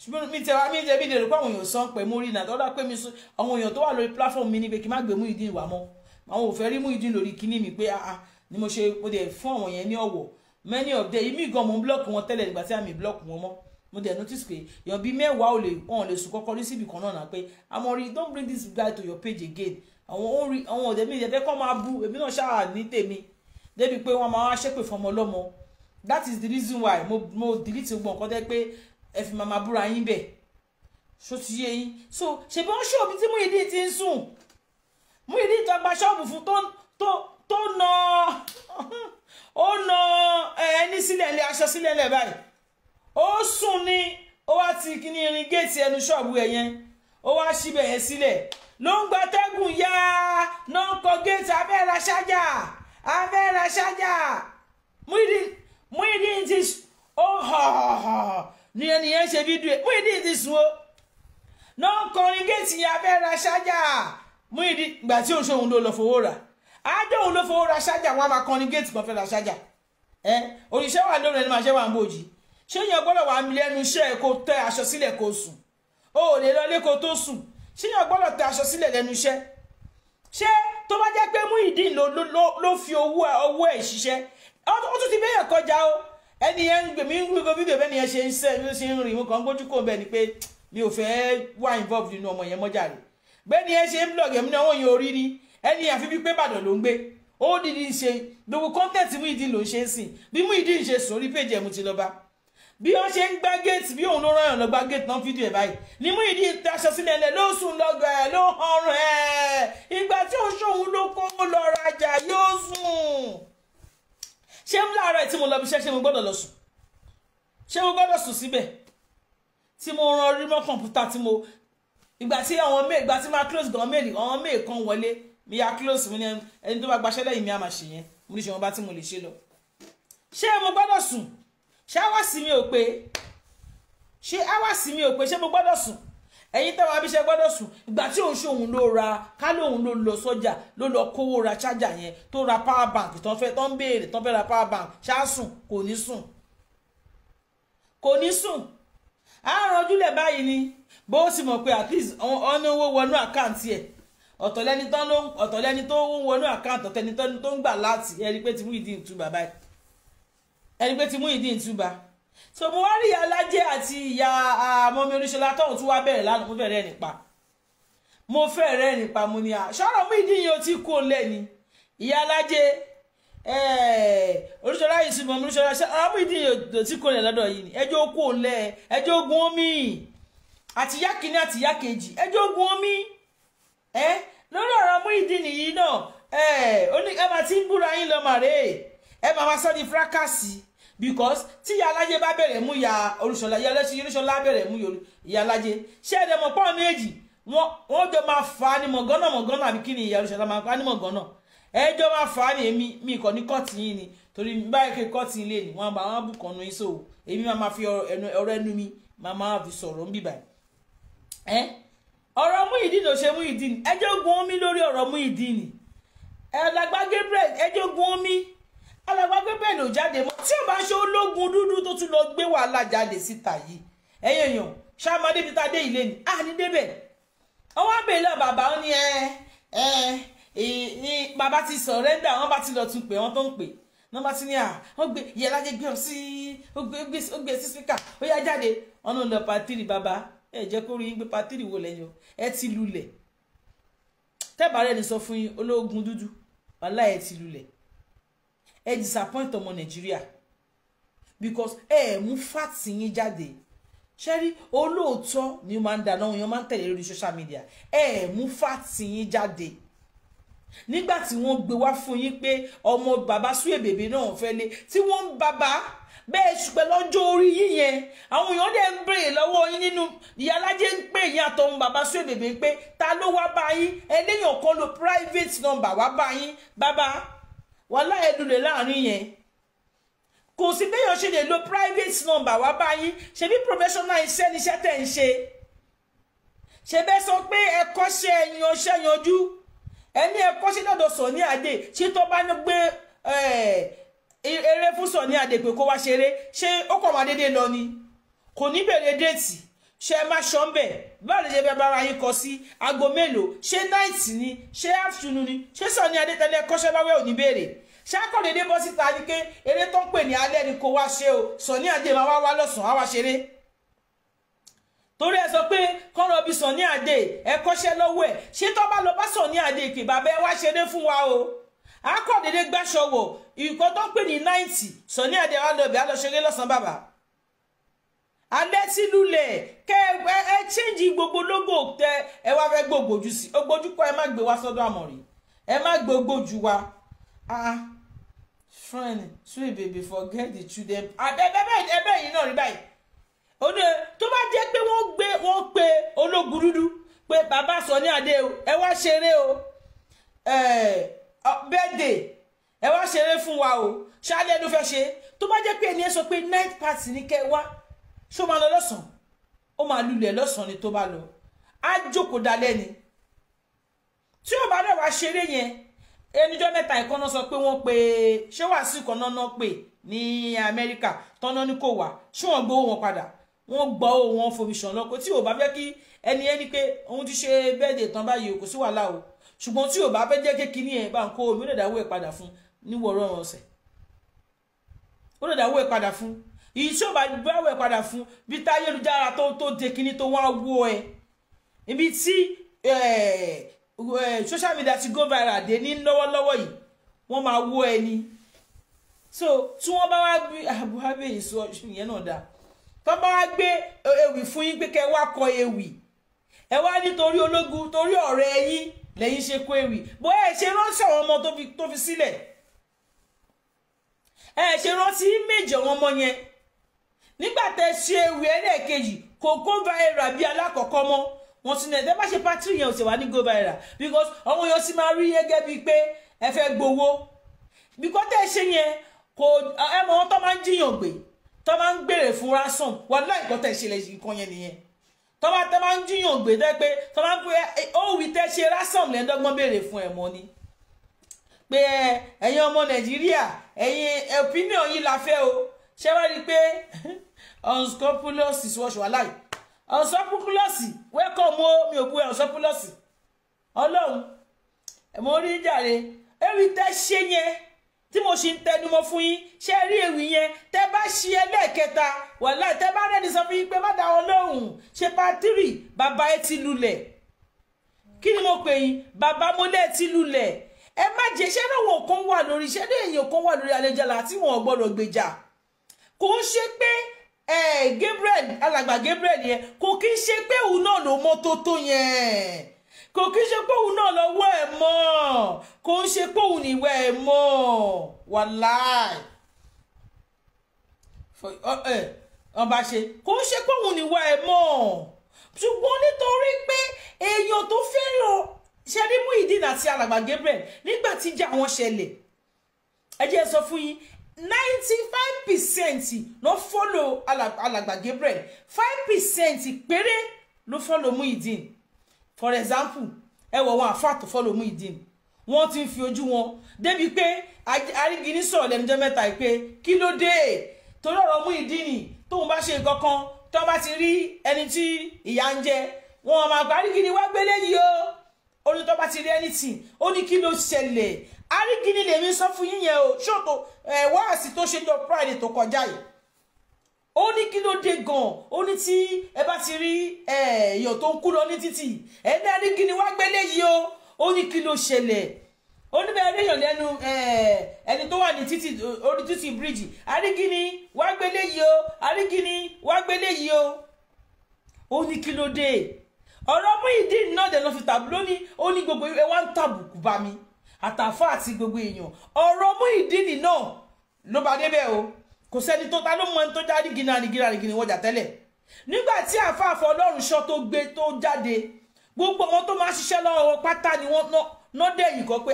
S1: ṣùgbọ́n mi tẹ́ra mi jẹ́ bí lè rò pé àwọn èèyàn sàn pé mo rí nà lọ́dà pé mi sún àwọn èèyàn tó wà lórí platform mi ni pé kí n má gbé Muyideen wá mọ́ àwọn ò fẹ́ rí Muyideen lórí kíní mi pé ah ah ni mo ṣe mo dẹ̀ fún àwọn yẹn ní ọ̀wọ̀ many of them imi gan mo ń blọ́ọ̀kì wọn tẹ́lẹ̀ nígbà tí àmì blọ́ọ̀kì wọn mọ́ mo dẹ̀ notice pé yọ bíi mẹ́wàá ò lè wọn ò lè sùn kọ́kọ́ rí síbi kan náà náà pé Amori don't bring this guy to your page again àwọn ò rí àwọn ọ̀dẹ̀ mi ìdẹ́fẹ́ kọ́ máa bu èmi náà ṣáà ní tèmi débi pé wọ́n máa wá ṣépè fọmọ lọ́mọ that is the reason why mo mo delete gbọ̀n kọ́ tẹ́ pé ẹ fi màmá búra yín bẹ̀ ṣó ti yé yín so ṣèbí wọn ṣọ́ọ̀bù tí Muyideen ti ń sùn Muyideen tó gba ṣọ́ọ̀bù fún tó tó tó nà ó nà ẹni sílẹ̀ ilé aṣọ sílẹ̀ ilẹ̀ báyìí ó sùn ní ó wá ti kíní irin géètì ẹnu ṣọ́ọ̀bù ẹ̀ yẹn ó wá síbẹ̀ yẹn sílẹ̀ ló ń gba tẹ́gùn yá náà ń kọ géètì abẹ́ra ṣájà abẹ́ra ṣájà Muyideen ti ó họ̀họ̀họ̀ ní ẹni yẹn ṣe fídíò Muyideen ti sùn ó náà ń kọrin géètì yẹn abẹ́ra ṣájà Muyideen gbà tí òun ṣe òun ló lọ fowó rà ájọ òun ló fowó ra ṣájà wọn a máa kọrin géètì kan fẹ́ ra ṣájà ẹ oríṣẹ́ wà lórí ẹni máa ṣẹ́ wà ń bòjì ṣé èèyàn gbọ́dọ̀ wà mí lẹ́nu iṣẹ́ kó tẹ aṣọ sílẹ̀ kó sùn o ò lè lọlé kó tó sùn ṣé èèyàn gbọ́dọ̀ tẹ aṣọ sílẹ̀ lẹ́nu iṣẹ́ ṣé tó bá jẹ́ pé Muyideen ló fi owó owó ẹ̀ ṣiṣẹ́ ó tún ti bẹ́yẹ̀ kọjá o ẹni yẹn ń gbèmí ń gbèmí bíbẹ̀ bẹ́ni yẹn ṣe ń sẹ́ ló ṣe ń rìn mú kàn gbójú kò bẹ́ẹ̀ ni pé mi ò fẹ́ wá involved nínú ọmọ yẹn mọ́jà rẹ̀ bẹ́ni yẹn ṣe ń blog ẹ̀mí náà wọ́n yẹn orí ni ẹni àfi bíi pé Ìbàdàn ló ń gbé ó dìdí ṣe gbogbo content Muyideen ló ń ṣe ń sìn bí Muyideen ṣe sùn orí péjì ẹ̀ mú ti lọ bá bí wọ́n ṣe ń gbá géètì bí òun ló rán ìrànlọ́ gbá géètì náà fídíò ẹ̀ báyìí ní mú ìdí ìtaṣọ sílẹ̀ ẹ̀ ló sùn lọ́gọ̀ ẹ̀ ló ọrùn ẹ̀ ìgbà tí òun ṣòun ló kó lọ rajà yóò sùn ṣé ń láàárọ̀ tí mo lọ bí iṣẹ́ ṣé mo gbọ́dọ̀ lọ sùn ṣé mo gbọ́dọ̀ sùn síbẹ̀ tí mo rán rímọ́ kọ̀ǹpútà tí mo ìgbà tí àwọn mail ìgbà tí máa close gan mail àwọn mail kan wọlé mi ya close mi ni ẹni tó bá gbaṣẹ́ lẹ́yìn mi á máa ṣèyẹn mo ní ṣe ṣé áwàsí mi ò pé ṣé áwàsí mi ò pé ṣé mo gbọ́dọ̀ sùn ẹ̀yin táwọn abiṣẹ́ gbọ́dọ̀ sùn ìgbà tí òun ṣòun ló ra ká lóun ló lọ sọ́jà ló lọ kówó ra ṣájà yẹn tó ra power bank tó fẹ́ tó ń béèrè tó fẹ́ ra power bank ṣáà sùn kò ní sùn kò ní sùn àárọ̀ ojúlẹ̀ báyìí ni bó sì mọ̀ pé at least ọ̀nà owó wọnú àkáǹtì ẹ̀ ọ̀tọ̀lẹ́ni tó ń wọnú àkáǹtì ọ̀tọ̀lẹ́ni tó ń gbà láti ẹ̀rí pé ti mú ìdí ìtú bàbá yìí ẹni pé ti Muyideen Tuba so mo wá rí ìyá alájẹ àti ìyá àmọ́mi oníṣọlá tóun tún wá bẹ̀rẹ̀ lánàá mo fẹ̀rẹ̀ nípa mo fẹ̀rẹ̀ nípa mo ní à sọ̀rọ̀ Muyideen yìí ó ti kú lẹ́ni ìyá alájẹ oníṣọlá yìí ṣùgbọ́n oníṣọlá sọ̀rọ̀ Muyideen yìí ó ti kú lẹ́ lọ́dọ̀ yìí ni ẹjọ́ kú lẹ́ ẹjọ́ ogun omi àti ìyá kìíní àti ìyá kejì ẹjọ́ ogun omi ẹ lórí ọ̀rọ̀ Muyideen yìí náà ẹ ẹ máa ti ń búra yín lọ màrè ẹ máa máa sọ ní fúrákàsì because tí ìyá aláyé bá bẹ̀rẹ̀ mú ìyá olùṣọ́lá ìyá olùṣọ́lá bẹ̀rẹ̀ mú ìyá aláyé ṣé ẹ̀dẹ̀ mọ̀ pọ́n méjì wọ́n jọ máa fà á ní mọ̀gánà mọ̀gánà àbí kí ni ìyá olùṣọ́lá máa fà á ní mọ̀gánà ẹjọ́ máa fà á ní èmi mi kàn ní kọ́ọ̀tì yìí ni torí báyìí kí kọ́ọ̀tì le ni wọ́n bá wọn bù kànú iṣẹ́ o èmi máa máa fi ọ̀rọ̀ ẹnu mi máa máa fi sọ̀rọ̀ ń bìbà idin ọ̀rọ̀ Muyideen ò ṣe Muyideen ẹjọ́ gun omi lórí ọ̀rọ̀ Muyideen ẹ̀ làgbà Gabriel ẹjọ́ gun omi alàgbàgbé bẹ́ẹ̀ ló jáde mọ́ tí ò bá ṣe ológun dúdú tó tún lọ gbé wàhálà jáde síta yìí ẹ̀yin èèyàn ṣàmọ́dé fi ta dé ilé ni a ní débẹ̀ ọwọ́ àbẹ̀lẹ̀ bàbá ó ní ẹ ẹ ní bàbá ti sọ̀rẹ́ndà wọ́n bá ti lọ tún pè wọ́n tó ń pè wọ́n bá ti ní à wọ́n gbé ìyẹ́lájẹ́ gbé wọn sí ó gbé e sí spíkà ó yá jáde ọ̀nà lọ pàtírì bàbá ẹ jẹ́ kó rí gbé pàtírì wo lẹ́yìn ẹ ti lulẹ̀ tẹ́bàárẹ̀ ni sọ fún yín ológun dúdú wàhálà ẹ ti lulẹ̀ ẹ disappoint ọmọ Nigeria, because ẹ mu fàtì yín jáde ṣẹ́rí olóòótọ́ ni ó máa ń dáná òun yẹn máa ń tẹ̀lé lórí social media ẹ mu fàtì yín jáde nígbà tí wọ́n gbé wá fún yín pé ọmọ bàbá súyè bèbè náà fẹ́ lé tí wọ́n ń bàbá bẹ́ẹ̀ ṣùgbọ́n lọ́jọ́ orí yín yẹn àwọn èèyàn dẹ̀ ń béèrè lọ́wọ́ yín nínú ìyá alájẹ́ ń pè yín àtọ̀hún bàbá súyè bèbè pé ta ló wá bá yín ẹlẹ́yìn ọ̀kan lo private number wá bá yín bàbá wàhálà ẹdùnlé láàrin yẹn kò sí béèyàn ṣe lè lo private number wá báyìí ṣebí professional iṣẹ́ níṣẹ́ tẹ̀ ń ṣe ṣebẹ́ sọ pé ẹ kọ́ṣẹ́ ẹyin ọṣẹ́ yanjú ẹni ẹ kọ́ṣẹ́ lọ́dọ̀ Sọ̀ní Adé ṣé tó bá ń gbé eré fún Sọ̀ní Adé pé kó wá ṣeré ṣé ó kọ̀ wá déédéé lọ ni kò ní bèrè déètì ṣe má ṣọ́ńbẹ̀ báwo lè ṣe bẹ́ẹ̀ bára yín kọ sí aago mélòó ṣé night ni ṣé afternoon ni ṣé Sunny Adétẹlẹ kọ́ṣẹ́ báwẹ́ ò ní béèrè ṣàkọ́dédé bọ́ síta ni pé eré tó ń pè ní alẹ́ ni kò wá ṣe o Sunny Adé máa wá wá lọ́sàn-án á wá ṣeré torí ẹ sọ pé kọ́rọ̀ bí Sunny Adé ẹ kọ́ṣẹ́ lọ́wọ́ ẹ̀ ṣé tó bá lọ bá Sunny Adé kì bàbá ẹ wá ṣeré fún wa o àkọ́dédé gbàṣọwọ̀ ìkọ́ tó ń pè ní náìtì Sunny Adé wa lọ bẹ̀ á lọ ṣeré lọ́sàn bàbá adésílùlẹ̀ kẹ ẹ ẹ ṣéǹjì gbogbo lógo tẹ ẹ wá fẹ́ gbogbo ojú sí ogbojú kọ ẹ má gbé wá sọ́dọ̀ àmọ̀rí ẹ má gbé ogbojú wa ah friend sweet baby forget the children abẹ́bẹ́ ẹbẹ́ yìí náà rí báyìí òde tó bá jẹ́ pé wọ́n gbé wọ́n pe ológun dúdú pé bàbá sọ ní adé o ẹ wá ṣeré o bẹ́ẹ̀dẹ̀ ẹ wá ṣeré fún wa o ṣáájú ẹnu fẹ́ ṣe tó bá jẹ́ pé ẹni ẹ sọ pé night party ní kẹ́ wá ṣó máa lọ lọ́sàn ó máa lulẹ̀ lọ́sàn ni tó bá lọ á jókòó dalẹ́ ni tí ó bá dẹ̀ wá ṣeré yẹn ẹnijọ́ mẹ́ta ìkànnà sọ pé wọ́n pe ṣé Wàsíù kan náà pè ní Amẹ́ríkà tọ́nà ní kò wá ṣé wọ́n gbowó wọn padà wọ́n gbọ́ owó wọn fòmìṣàn lọ́kọ tí ò bá fẹ́ kí ẹni ẹni pé òun ti ṣe bẹ́ẹ̀dẹ̀ tán báyìí kò sí wàhálà o ṣùgbọ́n tí ò bá fẹ́ jẹ́ kékeré yẹn bá ń kó omi ó dẹ̀ dáwó ẹ̀ padà fún níwọ̀ọ́rọ̀ ọ̀sẹ̀ ó dẹ̀ dáwó ẹ̀ padà fún iṣẹ́ ò bá báwẹ̀ padà fún bí táyélujára tó tó de kíní tó wá wó ẹ ibi tí social media ti go viral dé ní lọ́wọ́lọ́wọ́ yìí wọ́n máa wó ẹ ni so tí wọ́n bá wá gbé àbúhábé èso ìyẹn náà dáa tó bá wá gbé ewì fún yín pé kẹ́ wá kọ ewì ẹ wá nítorí ológun torí ọ̀rẹ́ yín lẹ́yìn ṣe kó ewì bóyá ẹ ṣe ránṣẹ́ àwọn ọmọ tó fi sílẹ̀ ẹ ṣe rántí méjì àwọn ọmọ yẹn nígbà tẹ ṣe ewì ẹlẹ́ẹ̀kejì kò go viral bí alákọ̀ọ́kọ́ mọ́ wọn sì ní ẹ̀dẹ́ bá ṣe pátírì yẹn ò sì wá ní go viral because àwọn èèyàn sì máa rí yẹn gẹ́gẹ́ bíi pé ẹ fẹ́ gbowó bíkọ́ tẹ́ ṣe yẹn kò ẹ mọ̀ wọn tó máa ń jiyàn gbé tó máa ń gbèrè fún ransom wà láì gbọ́ tẹ́ ṣe lè kàn yẹn nìyẹn tó máa tẹ́ máa ń jiyàn gbé tẹ́ pé tó máa ń pè ó wí tẹ́ ṣe ransom lẹ́dọ́gbọ́n béèrè fún ẹ̀ mọ́ ni pé ẹ̀yin ọmọ Nàìjíríà ẹ̀yin opinion yìí la fẹ́ o ṣé wá rí i pé unscrupulous wọ́ṣọ̀ aláì unscrupulous welcome o mi ò bu unscrupulous ọlọ́run mo rí jàre ewì tẹ ṣe yẹn tí mo ṣe ń tẹnumọ́ fún yín ṣé rí ewì yẹn tẹ bá ṣe ẹlẹ́ẹ̀kẹta wàhálà tẹ bá rẹ́ni sọ fún yín pé má dá wọn lóhùn ṣe pátírì bàbá ẹ ti lulẹ̀ kí ni mo pè yín bàbá mo lẹ́ ti lulẹ̀ ẹ má jẹ́ ṣẹ́ náà wọn kan wà lórí ṣẹ́ náà èèyàn kan wà lórí alẹ́jàlá tí wọn ò gbọ́dọ̀ gbèjà kò ń ṣe pé Gabriel alàgbà Gabriel yẹn kò kí ń ṣe pé òun náà ló mọ tó tó yẹn kò kí ń ṣe pé òun náà lọ́wọ́ ẹ̀ mọ́ kò ń ṣe pé òun níwẹ̀ ẹ̀ mọ́ wàláì ọba ṣe kò ń ṣe pé òun níwẹ̀ ẹ̀ mọ́ ṣùgbọ́n nítorí pé èèyàn tó fẹ́ràn ṣẹ́rí Muyideen àti alàgbà Gabriel nígbà tíjà wọn ṣẹlẹ̀ ẹ jẹ́ sọ fún yín ninety five percent ló fọ́lọ̀ alàgbà Gabriel five percent péré ló fọ́lọ̀ Muyideen for example ẹ wọ̀ wọn àfa tó fọ́lọ̀ Muyideen wọ́n ti ń fi ojú wọn débi pé aríginí sọ̀rọ̀ lẹ́nu jẹ́ mẹ́ta pé kí ló dé torí ọ̀rọ̀ Muyideen ni tóun bá ṣe nǹkan kan tó bá ti rí ẹni tí ìyà ń jẹ wọn máa gbárígì ni wá gbélé yìí o orí tó bá ti rí anything ó ní kí ló ṣẹlẹ̀ arígini lèmi sọ fún yín yẹn o ṣòtò ẹ̀ wáàsí tó ṣe jọ Friday tó kọjá yìí ó ní kí ló dé gan ó ní tí ẹ bá ti rí èèyàn tó ń kú lọ ní títì ẹ ní arígini wá gbélé yìí o ó ní kí ló ṣẹlẹ̀ ó ní bẹ́ẹ̀ ríyàn lẹ́nu ẹni tó wà ní títì orí títì bíríjì arígini wá gbélé yìí o arígini wá gbélé yìí o ó ní kí ló dé ọ̀rọ̀ Muyideen náà dẹ̀ lọ fi tàbí lónìí ó ní gbogbo ẹ wá ń tàbùkù bá mi àtàfà àti gbogbo èèyàn ọ̀rọ̀ Muyideen náà ló bá débẹ̀ o kò sẹ́ni tó ta ló mọ ẹni tó já nìgínà nìgínà nìgínà wọ́jà tẹ́lẹ̀ nígbà tí àfààfà ọlọ́run ṣọ́ tó gbé tó jáde gbogbo wọn tó máa ṣiṣẹ́ lọ́wọ́ pátá ni wọ́n náà dẹ̀ yìí kọ́ pé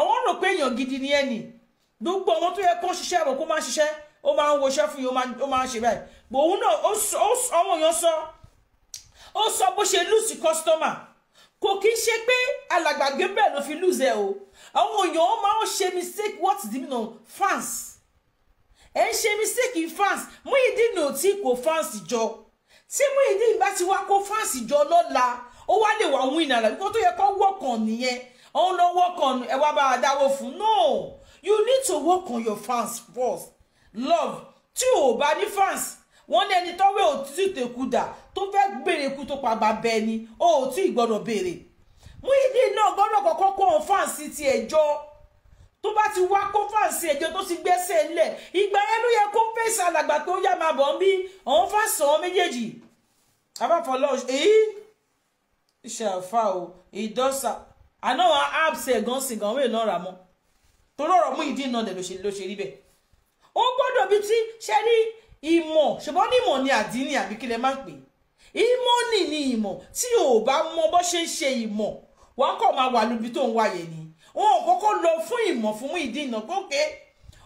S1: àwọn rò pé èèyàn gidi ni ẹnì gbogbo wọn tó yẹ kó ṣiṣẹ́ rò kó máa ṣiṣẹ́ ó máa ń woṣẹ́ fún yìí ó máa ń ṣe báyìí gbòòhùn náà ọwọ́ yẹn sọ ó sọ bó ṣe lùsì kọ́sítọ́mà kò kí ṣe pé alàgbàgbé bẹ́ẹ̀ ló fi lùsì ẹ̀ o àwọn èèyàn máa ń ṣe mistake what is the meaning of France ẹ̀ ń ṣe mistake in France Muyideen ò tí kò France jọ tí Muyideen bá ti wá kó France jọ lọ́la ó wá lè wá win àlà nǹkan tó yẹ kó work on nìyẹn òun lọ work on ẹ wá bá a dáwó fún no you need to work on your France first love tí o bá ní France wọ́n ní ẹni tọ́wé ò tí ì tẹ̀kú dà tó fẹ́ béèrè ikú tó pàgbà bẹ́ẹ̀ ni ó ò tí ì gbọ́dọ̀ béèrè Muyideen náà gbọ́dọ̀ kọ́kọ́ kó hàn fáǹsì ti ẹjọ́ tó bá ti wá kó fáǹsì ẹjọ́ tó ti gbẹ́sẹ̀ ńlẹ̀ ìgbà yẹn ló yẹ kó fèsì alàgbà tó yá máa bọ̀ ń bí ọ̀hún fáṣọ méjèèjì abáfọlọ́ èyí ìṣàfà o ìdọ́sà àná àwọn apps ẹ̀gán sìngàn wẹ̀ náà rà mọ́ torí ọ̀rọ̀ Muyideen náà dẹ̀ ló ṣe rí bẹ́ẹ̀ ó gbọ́dọ̀ bíi ti ṣe rí ìmọ̀ ṣùgbọ́n ní ìmọ̀ ni àdínì àbí kí lẹ máa ń pè ìmọ̀ nì ni ìmọ̀ tí o bá mọ bó ṣe ń ṣe ìmọ̀ wàá kọ̀ máa wà lóbi tó ń wáyé ni wọn ò kọ́kọ́ lọ fún ìmọ̀ fún ìdí ìnà kókè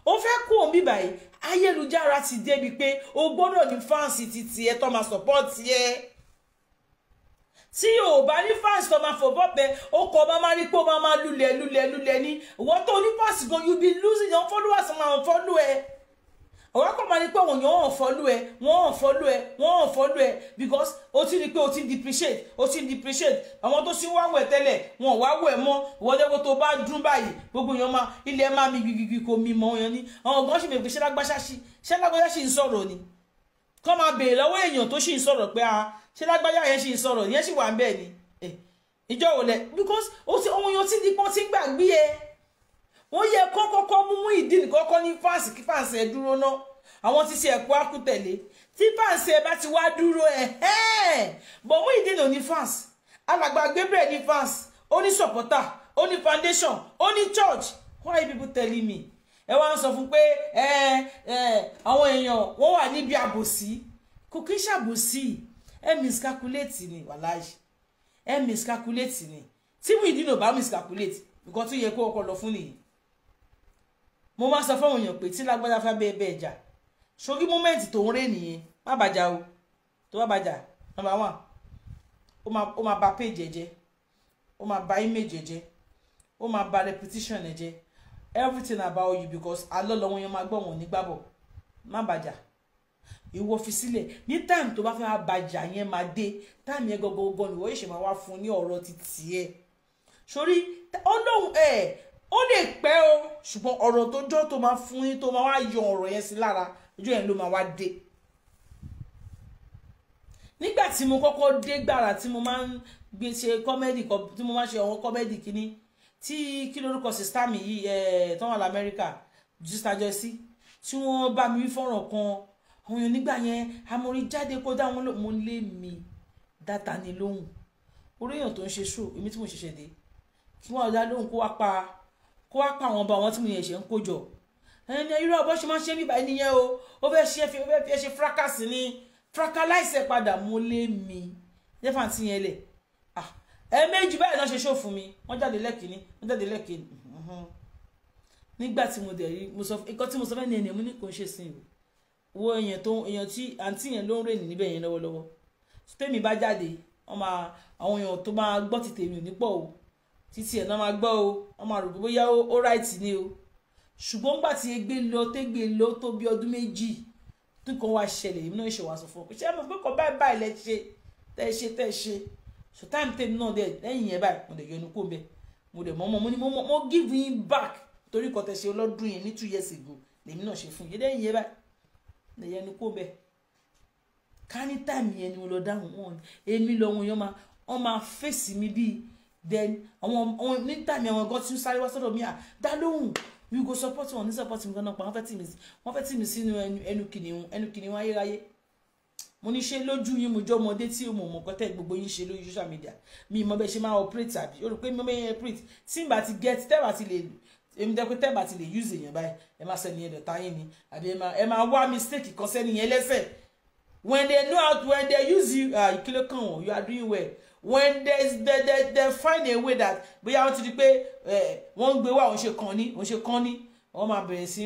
S1: ó fẹ́ kú òun bíbáyìí ayélujára ti débi pé o gbọ́dọ̀ ní fáǹsì ti tiẹ̀ tó máa sọ̀pọ́ọ̀tì ẹ̀ tí o bá ní fans tó máa fòbọ́ bẹ ó kọ́ máa máa rí pé ó máa máa lulẹ̀ lulẹ̀ lulẹ̀ ní ìwọ́n tó ní pass go you be losing your followers máa follow ẹ ọ̀rọ̀ kan máa ní pé wọ́n yàn án fọ́lú ẹ wọ́n án fọ́lú ẹ wọ́n án fọ́lú ẹ because o ti rí pé o ti depreciate o ti depreciate àwọn tó sì wá wẹ̀ tẹ́lẹ̀ wọn ò wá wẹ̀ mọ́ ìwọ́dẹ́gbó tó bá dún báyìí gbogbo èèyàn máa ilẹ̀ máa mi gbìgbìgbì kò mi mọ́ yẹn ni àwọn ọ̀gán sì bèbè ṣẹlágbáṣá sí ṣẹlágbáṣá sì ń sọ̀rọ̀ ni kọ́ máa bèèrè lọ́wọ́ èèyàn tó sì ń sọ̀rọ̀ pé ah ṣẹlágbáṣá yẹn sì ń sọ̀rọ̀ yẹn sì wà ń bẹ́ẹ̀ ni eh, ìjọ òlẹ̀ because ohun yẹn ti di pọ́n ti gbàgbé ẹ ó yẹ kó kọ́kọ́ mú Muyideen kọ́kọ́ ní fáǹsì kí fáǹsì ẹ dúró náà àwọn ti ṣe ẹ̀kọ́ akútẹ̀lé tí fáǹsì ẹ bá ti wá dúró ẹ̀ bọ̀ Muyideen ò ní fáǹsì alàgbà Gabriel ní fáǹsì ó ní supporter ó ní foundation ó ní church why people telling me ẹ wá ń sọ fún pé àwọn èèyàn wọ́n wà níbi àbòsí kò kí ń ṣàbòsí ẹ miscalculate ni wàláì ẹ miscalculate ni tí Muyideen ò bá miscalculate nǹkan tó yẹ kó ọkọ lọ fún nìyí mo máa sọ fáwọn èèyàn pé tí lágbádá fẹ́ bẹ́ẹ̀ bẹ́ẹ̀ jà sórí mọ́mẹ́ǹtì tó ń rè nìyẹn má bàjá o tó bá bàjá number one ó máa ba page jẹ́ ó máa ba image jẹ́ ó máa ba repetition jẹ́ everything about you because alọ́ lọ́wọ́ yẹn máa gbọ́ wọn nígbàbọ̀ má bàjá ìwọ fi sílẹ̀ ní táìmù tó bá fẹ́ máa bàjá yẹn máa dé táìmù yẹn gọgọgọ ni ìwọ yìí ṣe máa wá fún ní ọ̀rọ̀ ti tiẹ̀ sórí ọlọ́run ẹ̀ ó lè pẹ́ o ṣùgbọ́n ọ̀rọ̀ tó jọ́ tó máa fún yín tó máa wá yan ọ̀rọ̀ yẹn sí lára ojú yẹn ló máa wá dé nígbà tí mo kọ́kọ́ dé gbàrà tí mo máa ń gbé ṣe kọ́mẹ́dì tí mo máa ń ṣe àwọn kọ́mẹ́dì kínní tí kí lórúkọ sista mi yìí ẹ̀ tó wà lamẹ́ríkà jista jẹ́sí tí wọ́n bá mi fọ̀rọ̀ kan àwọn èèyàn nígbà yẹn amórí jáde kó dá wọn mo lé mi dáta ni lóhùn orí èèyàn tó ń ṣe ṣó èmi tí mo ṣẹ̀ṣẹ̀ dé kí wọ́n dá lóhùn kó wá pa kó wá pa àwọn ọba àwọn tí mo yẹn ṣe ń kójọ ẹni irú ọbọ ṣe máa ṣe bíbá ẹniyẹn o ó fẹ́ ṣe fi ó fẹ́ fi ṣe fracasi ni fracalize padà mo lé mi jẹ́fà tí yẹn lẹ̀ ah, ẹ̀ẹ́mẹ́jì báyìí náà ṣe ṣó fún mi wọ́n jáde lẹ́kìnní wọ́n jáde lẹ́kìnní nígbà tí mo dẹ̀ rí nǹkan tí mo sọ fẹ́ ní ènìyàn mo ní kò ń ṣe sí i wo èèyàn tó èèyàn tí àǹtí yẹn ló ń rìn níbẹ̀ yẹn lọ́wọ́lọ́wọ́ tèmi bá jáde àwọn èèyàn tó máa gbọ́ ti tèmi ò ní pọ̀ o títí ẹ̀ náà máa gbọ́ o wọ́n máa rò pé bóyá ó ráìtì ni o ṣùgbọ́n gbà tí egbé lọ tégbé lọ tó bí ọdún méjì tó kàn wá ṣẹlẹ̀ èmi náà ṣe wàásù fún ọ pé ṣé ẹ mọ̀ pé kàn báyìí báyìí lẹ ṣe tẹ́ ṣe tẹ́ ṣe so time tèmi náà dẹ lẹ́yìn yẹn báyìí mo dẹ̀ yọ ẹnu kó bẹ́ẹ̀ mo dẹ̀ mọ́ mọ́ mo ní mo give him back torí kan tẹ̀ ṣe ọlọ́dún yẹn ní two years ago lèmi náà ṣe fún yẹn lẹ́yìn yẹn báyìí lè yẹ ẹnu kó bẹ́ẹ̀ ká ní time yẹn ni mo lọ dáhùn wọn èmi lọ wọn yọ máa wọn máa fèsì mi bíi then àwọn àwọn ní tàmí àwọn ẹ̀gọ́ tí ń sáré wá sọ́dọ̀ mi à ah, dá lóhùn we go support wọn ní support mi gan-an pa wọ́n fẹ́ tì mí wọ́n fẹ́ tì mí sínú ẹnu kìnìún ẹnu kìnìún ayérayé mo ní ṣe lójú yín mo jọ ọmọdé tí mo mọ̀ kọ́tẹ́ gbogbo yín ṣe lórí social media mi mọ bẹ́ẹ̀ ṣe máa operate àbí o rò pé mo bẹ́ẹ̀ operate tí n bá ti get tẹ́bà ti lè èmi dẹ́kun tẹ́bà ti lè use èèyàn báyìí ẹ máa sẹ́ni ẹ̀dọ̀ táyín ni àbí ẹ máa wá mistake kan sẹ́ni yẹn lẹ́sẹ̀ when they know how to when they use you ah ìkílẹ̀ kan wọ̀n you are doing well when there they they they find a way that bóyá wọ́n ti di pé wọ́n ń gbé wá òun ṣe kàn ní òun ṣe kàn ní wọ́n máa bẹ̀rẹ̀ sí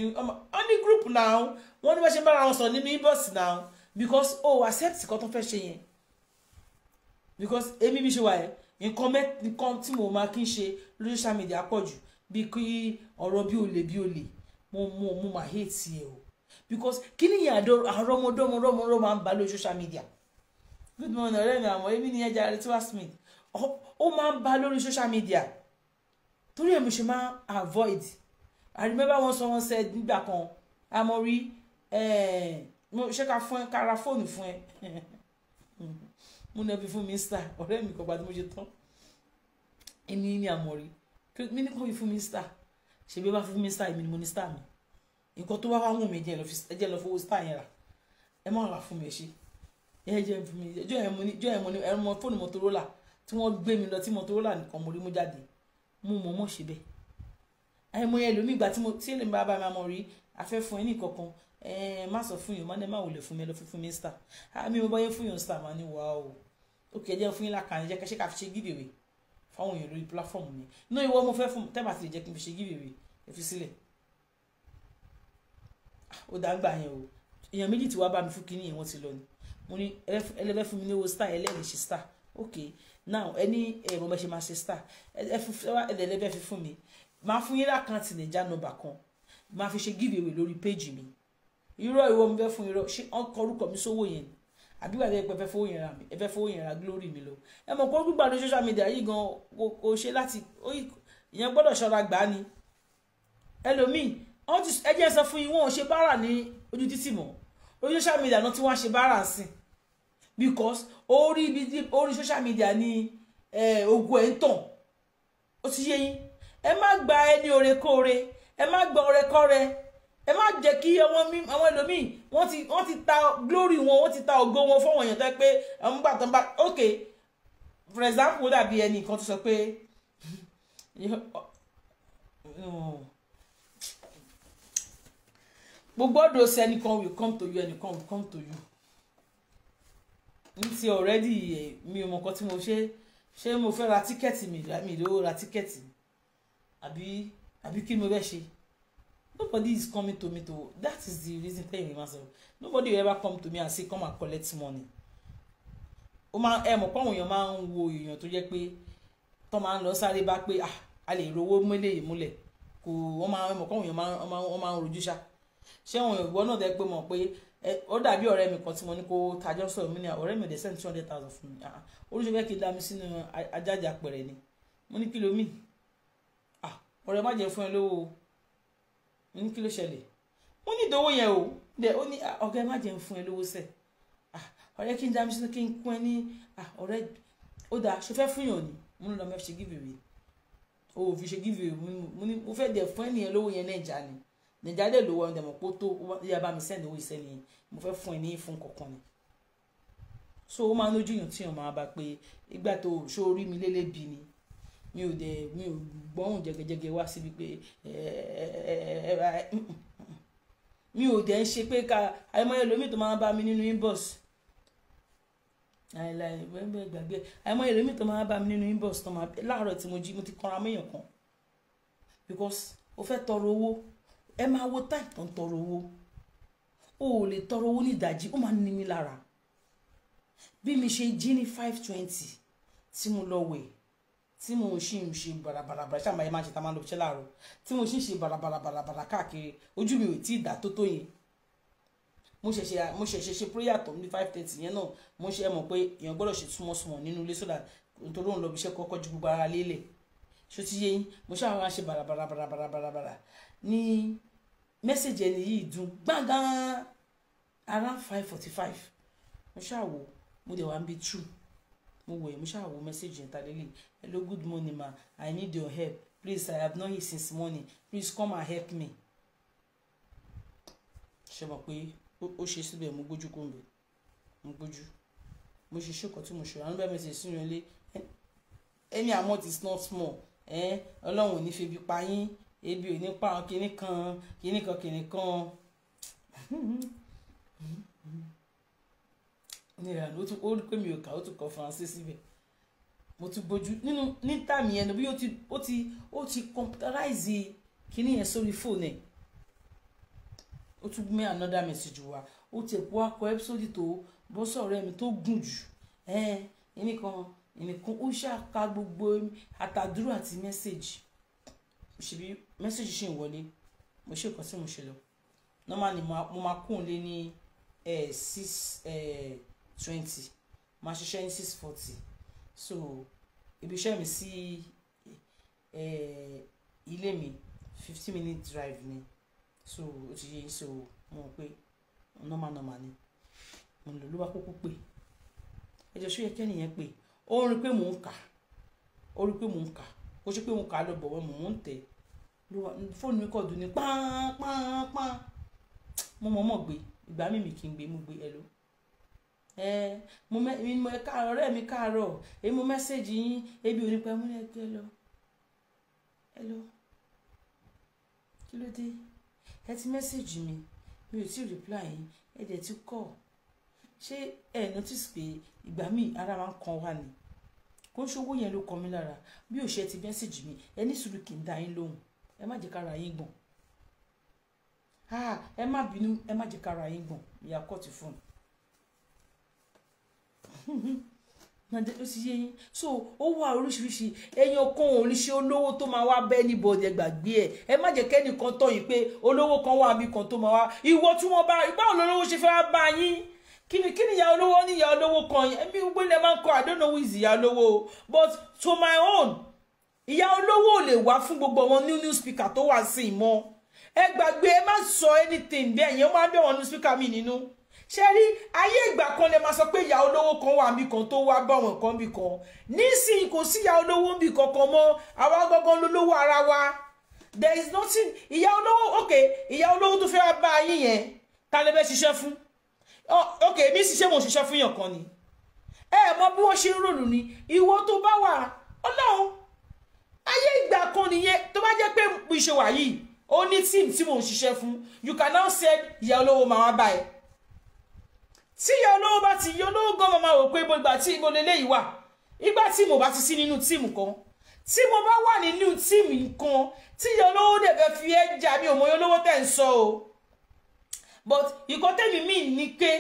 S1: only group now wọ́n ní bá ṣe bára wọn sọ ní inbox now because o oh, accept nǹkan tó fẹ́ ṣe yẹn because èmi bí ṣe wà yẹn nǹkan nǹkan tí mo máa kí n ṣe lórí social media pọ̀ jù bí kí ọ̀rọ̀ bí olè bí olè mo mo mo máa hate ẹ o because kí nìyẹn àrọ́mọdọ́mọdọ́mọdọ́ máa ń bá lórí social media good morning ọ̀rẹ́ mi àmọ́ èmi nìyẹn jàre Tiwa Smith ó máa ń bá lórí social media torí ẹ̀ mo ṣe máa avoid I remember once someone said nígbà kan Amori eh, ṣé ká fún ẹ ká ra fóònù fún ẹ mo nà bí fún mi star ọ̀rẹ́ mi kò gbà tí mo ṣe tán ẹni ní Amori mi ní kò fi fún mi star ṣèbí bá fún mi star èmi ni mo ní star mi nǹkan tó wá wá wù mí jẹ́ lọ fowó star yẹn rà ẹ má wà fún mi ẹ ṣe ẹ̀jẹ̀ fún mi ẹjọ́ ẹ̀ mo ní ẹjọ́ ẹ̀ mo ní ẹ̀rọ fóònù motorola tí wọ́n gbé mi lọ tí motorola nìkan mo rí mú jáde mo mọ̀ mọ̀ ṣe bẹ́ẹ̀ àìmọ̀ yẹn lómi ìgbà tí mo tí èlèmí bàbá máa mọ̀ rí afẹ́ fún ẹ ní ìkọ̀kan ẹ má sọ fún yàn má dẹ́ má wò fún mi lọ fún mi star àmì mo bá yẹ fún yàn star máa ní wà o òkè ẹjẹ fún yín la kàn jẹ kẹṣẹ ká fi ṣe gíbèwé fáwọn èèyàn lórí platform mi náà ìwọ mo fẹ́ fún tẹ́bà ti lè jẹ́ kí n fi ṣe gíbèwé ẹ fi sílẹ̀ ah, ó dá yẹn o èèyàn méjì ti wá bá mi fún kinní yẹn wọ́n ti lọ ni mo ní ẹlẹ́fẹ́ fún mi ní owó star ẹlẹ́ni ṣe star ok now ẹni ẹ̀rọ mẹ́ṣẹ̀ máa ṣe star ẹlẹ́fẹ́ fi fún mi máa fún yín lákàntì nìjà nọ́mbà kan máa fi ṣe give away lórí péjì mi irọ́ ìwọ mi fẹ́ fún irọ́ ṣé ọkọ̀ orúkọ mi sówó yẹn àbí wàá pẹ́ fẹ́ fowó yẹn ra mi ẹ fẹ́ fowó yẹn ra glory mi lọ ẹ mọ̀ pé gbígbà ní social media yìí gan kò ṣe láti ìyẹn gbọ́dọ̀ ṣọ́ra gbà á ni ẹlòmíì ẹ jẹ́ sọ fún yín wọn ò ṣe bára ní ojú títì mọ́ lórí social media náà tí wọ́n ṣe bára sí because orí ibi orí social media ni eh, ogun ẹ̀ ń tàn ó ti yé yín ẹ má gba ẹni orekóore ẹ má gba ọrẹkọrẹ ẹ má jẹ́ kí àwọn ẹlòmíì wọ́n ti wọ́n ti ta glory wọn wọ́n ti ta ògo wọn fún àwọn èèyàn tó pé àwọn gbà tán bá ok for example dàbí ẹnì kan tó sọ pé gbogbo those anyone will come to you anyone will come to you n ti already eh, mi ò mọ̀ nǹkan tí mo ṣe ṣé mo fẹ́ ra tíkẹ́ẹ̀tì mi mi ìdówó ra tíkẹ́ẹ̀tì àbí àbí kí ni mo fẹ́ ṣe nobody is coming to me to that is the reason tẹ́yìn mi máa sọ nobody will ever come to me and say come and collect money ó máa ẹ mọ̀ pọ́n èèyàn máa ń wo èèyàn tó jẹ́ pé tọ́ máa ń lọ sáré bá pé ah a lè rówó mélèyí múlẹ̀ kò wọ́n máa ẹ mọ̀ pọ́n èèyàn máa ń rojú ṣáá ṣé àwọn ìwọ náà dẹ pé mọ̀ pé ó dàbí ọ̀rẹ́ mi kan tí mo ní kó tajọ́ sọ̀rọ̀ mí ni ọ̀rẹ́ mi ò dé send two hundred thousand fún mi oríṣi ah, fẹ́ kí n dá mi sínú ajájà pẹ̀rẹ̀ ni mo ní kí ló mì ah, ọ̀rẹ́ má jẹ́ fún ẹ lówó mo ní kí ló ṣẹlẹ̀ mo ní ìdánwò yẹn o dẹ ó ní ah, ọ̀gá ẹ má jẹ́ fún ẹ lówó sẹ̀ ọ̀rẹ́ kí n dá mi sínú kí n kún ẹ ní ọ̀rẹ́ ó dáa ṣe fẹ́ fún yàn ni mo ní lọ́mọ ẹ fi ṣe gíbìrì o fi ṣe gíbìrì mo ní mo fẹ́ dẹ̀ fún ẹ nìyẹn lówó yẹn náà ìjà ni nìjà lè lówó ọ̀dẹ̀ mọ̀ pé ó tó yíyá bá mi sẹ́ni owó ìsẹ́ni mo fẹ́ fún ẹ ní fún kọ̀ọ̀kan ni so ó máa ń lójú yàn tí yàn máa bá pé ìgbà tó ṣó orí mi lélẹ́bi ni mi ò dẹ̀ mi ò gbọ́hùn jẹgẹjẹgẹ wá síbi pé mi ò dẹ̀ ń ṣe pé ká àìmọye lómi tó máa bá mi nínú inbox àìláì wẹ́ẹ́bẹ́ gbàgbé àìmọye lómi tó máa bá mi nínú inbox tó máa láàárọ̀ tí mo jí mo ti kanra mẹ́yàn kan because o fẹ́ tọrọ owó ẹ máa wo táì tó ń tọrọ owó o ò lè tọrọ owó ní ìdajì ó máa ń ní mi lára bí mi ṣe jí ní five twenty tí mo lọ wẹ̀ tí mo ṣì ń ṣe bàràbàràbàrà ṣáà máa ṣe tá máa lọ ṣe láàárọ̀ tí mo ṣì ń ṣe bàràbàràbàrà káàkiri ojú mi ò tí ì dá tó tó yẹn mo ṣẹ̀ṣẹ̀ mo ṣẹ̀ṣẹ̀ ṣe prayer tó ní five thirty yẹn náà mo ṣe mọ̀ pé èèyàn gbọ́dọ̀ ṣe súnmọ́ súnmọ́ nínú ilé sódà nítorí òun lọ iṣẹ́ kọ́kọ́ ju gbogbo ara lélẹ̀ ṣó ti yé yín mo ṣáà wá ṣe bàràbàràbàràbàràbàrà ní mẹ́sẹ̀jì ẹni yìí dùn gbàngàn around five forty five mo ṣàwò mo dẹ̀ wá ń bi true mo wọ̀ ẹ́ mo ṣàwò mẹ́sẹ̀jì ẹ̀ta lélẹ̀ hello good morning ma i need your help please i have not eat since morning please come and help me ṣe mọ̀ pé ó ṣe síbẹ̀ mo gbójú kó ń bẹ̀ mo gbójú mo ṣe ṣòkò tí mo ṣòro àwọn bẹ́ẹ̀ mẹ́sẹ̀jì sínú ilé ẹni amount is not small ọlọ́run ò ní fi ibi pa yín ebi ò ní pa àwọn kinní kan kinní kan kinní kan nìyàrá ó rí pé mi ò kà ó tún kọ faransé síbẹ̀ mo ti bójú nínú ní tàmì yẹn bí ó ti ó ti ó ti computerize kinní yẹn sórí fóònù ẹ̀ ó tún gbé another message wá ó ti ẹ̀kọ́ akọ ẹ́písódì tó bọ́ sọ̀rọ̀ ẹ̀mí tó gùn jù ẹ̀ẹ́n ẹnìkan ẹnìkan ó ṣàka gbogbo àtàdúrà àti mẹ́sẹ̀gì ṣebí mẹ́sàgì ṣì ń wọlé mo ṣe nǹkan tí mo ṣe lọ normally mo máa kún un lé ní eh, six eh, twenty máa ṣiṣẹ́ ní six forty so ibi iṣẹ́ mi sí eh, ilé mi fifty minute drive ni so o ti yé so mo mọ̀ pé normal normal ni mo lò ló bá kúkú pé ẹjọ́ ṣó yẹ kẹ́nìyẹn pé ó rí pé mò ń kà ó rí pé mò ń kà kó ṣe pé mo kà á lọ bọ̀wọ́ mò ń tẹ̀ fóònù mi kọ̀ dùn ní pánpánpán mo mọ̀ mọ̀ gbé ìgbà mímì kí n gbé mo gbé ẹ lọ mo mọ ẹ káàárọ̀ ọ̀rẹ́ mi káàárọ̀ èyí mo mẹ́sẹ̀gì yín ebi ò ní pẹ́ múlẹ̀ kí ẹ lọ ẹ lọ kí ló dé ẹ ti mẹ́sẹ̀gì mi mi ò tí ì rìpláì yín ẹ dẹ̀ ti kọ̀ ṣé ẹ notice pé ìgbà míì ara máa ń kan wá ni kó ń ṣòwò yẹn ló kọ mí lára bí òṣè ti mẹ́sìgì mi ẹ ní sùúrù kì í da yín lóhùn ẹ má jẹ́ kára yín gbọ̀n ah, ẹ má bínú ẹ má jẹ́ kára yín gbọ̀n ìyá kọ́ọ̀tù fún un nàdé ó ti yé yín so ó wà oríṣiríṣi èèyàn kan ò ní ṣe olówó tó máa wá bẹ́ẹ̀ níbo ọ̀dẹ̀ gbàgbé ẹ̀ ẹ má jẹ́ kẹ́nìkan tọ̀ pé olówó kan wà mí kan tó máa wá ìwọ tí wọ́n bá ìgbà lọ́wọ́ ṣe fẹ́ bá yín kíni kíni ìyá olówó ní ìyá olówó kan ẹbí gbogbo ilẹ̀ máa ń kọ́ I don't know who is ìyá olówó but to my own ìyá olówó ò lè wá fún gbogbo wọn new new speaker tó wà sí ìmọ̀ ẹ gbàgbé ẹ má sọ anything bẹ́ẹ̀ yẹn máa ń bẹ̀ wọn new speaker mi nínú ṣe rí ayé ìgbà kan lè máa sọ pé ìyá olówó kan wà níbi kan tó wá bá wọn kan níbi kan nísìnyí kò sí ìyá olówó níbi kankan mọ́ àwa gangan lólówó ara wa there is nothing ìyá olówó ok ìyá olówó tó fẹ́ wá bá ayé yẹn ta lè fẹ́ ṣiṣẹ́ fún Oh, ok mi ṣiṣẹ́ mo ṣiṣẹ́ fún yàn kan ni ẹ mọ bí wọ́n ṣe ń rònú ni ìwọ to bá wà ọlọ́run ayé ìgbà kan nìyẹn tó bá jẹ́ pé ìṣe wà yìí ó ní tíìmù tí mò ń ṣiṣẹ́ fún you can now send ìyá olówó máa wá báyìí tí ìyá olówó bá ti yọ olówó gan máa wò pé ibo ìgbà tí ibo lélẹ́yìí wà ìgbà tí mo bá ti sí nínú tíìmù kan tí mo bá wà nínú tíìmù kan tí ìyá olówó dẹ̀ fẹ́ fi ẹ́ jà mi ò mọ olówó tẹ̀ ń sọ o but ìkọ́ tèmi mí ni pé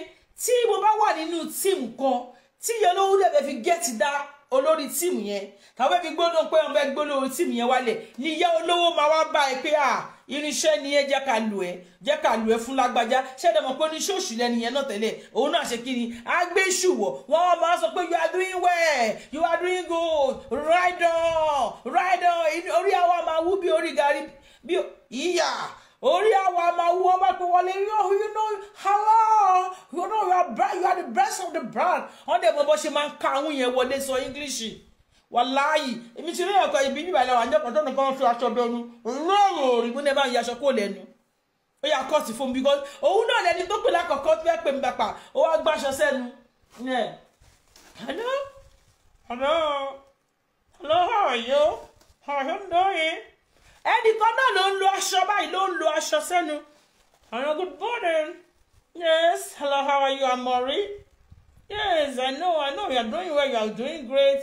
S1: tí mo bá wà nínú tíìmù kan tí iye olówó dẹ̀ fẹ́ fi gẹ́ẹ̀tì dá olórí tíìmù yẹn tàbí fi gbóná pé ọmọ ẹgbẹ́ olórí tíìmù yẹn wálẹ̀ ni ìyá olówó máa wá bá ẹ pé à irinṣẹ́ ni ẹ jẹ́ ká lù ẹ́ jẹ́ ká lù ẹ́ fún lágbájá ṣẹ́dẹ̀ mọ̀ pé oníṣẹ́ òṣù lẹ́nu yẹn náà tẹ́lẹ̀ òun náà ṣe kíni agbésùwọ̀ wọ́n máa sọ pé you are doing well you are doing good ride on ride on orí àwa máa wú bí orí gàrí bí ìyá orí àwọn àmàwò ọba pé wọlé you know hello you know you are, you are the best of the brand wọ́n dẹ̀ mọ bó ṣe máa ń ka àwọn yẹn wọlé sọ english wàláyì èmi ti rí ọkọ ibi bíbá ìlà wàjọ kan tọ́nà kan fi aṣọ bẹnu no, rí múnẹ bá ń yaṣọ kó lẹ́nu ó yà kọ́ọ̀tì fún mi because òun náà lẹni tó pè lákọ̀ọ́kọ́ tó fẹ́ pè mí bàpà ó wá gbàṣọ sẹ́nu ẹ̀ hello hello hello how are you how are you doing ẹnìkan náà ló ń lo aṣọ báyìí ló ń lo aṣọ sẹ́nu ọ̀nà good morning yes hello how are you Amori yes I know I know you are doing well you are doing great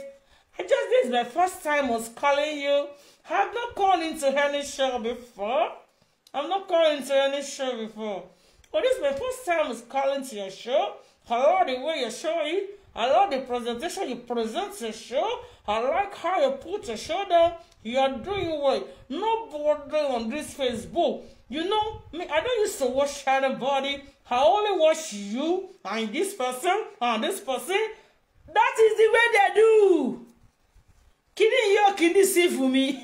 S1: I just this is my first time was calling you I have not called into any show before I have not called into any show before but this my first time was calling to your show I love the way you show it I love the presentation you present your show I like how you put your show down You are doing well. No bother on this Facebook. You know, me, I don't used to watch anybody. I only watch you and this person and this person. That is the way they do. Kini yo kini si fún mi.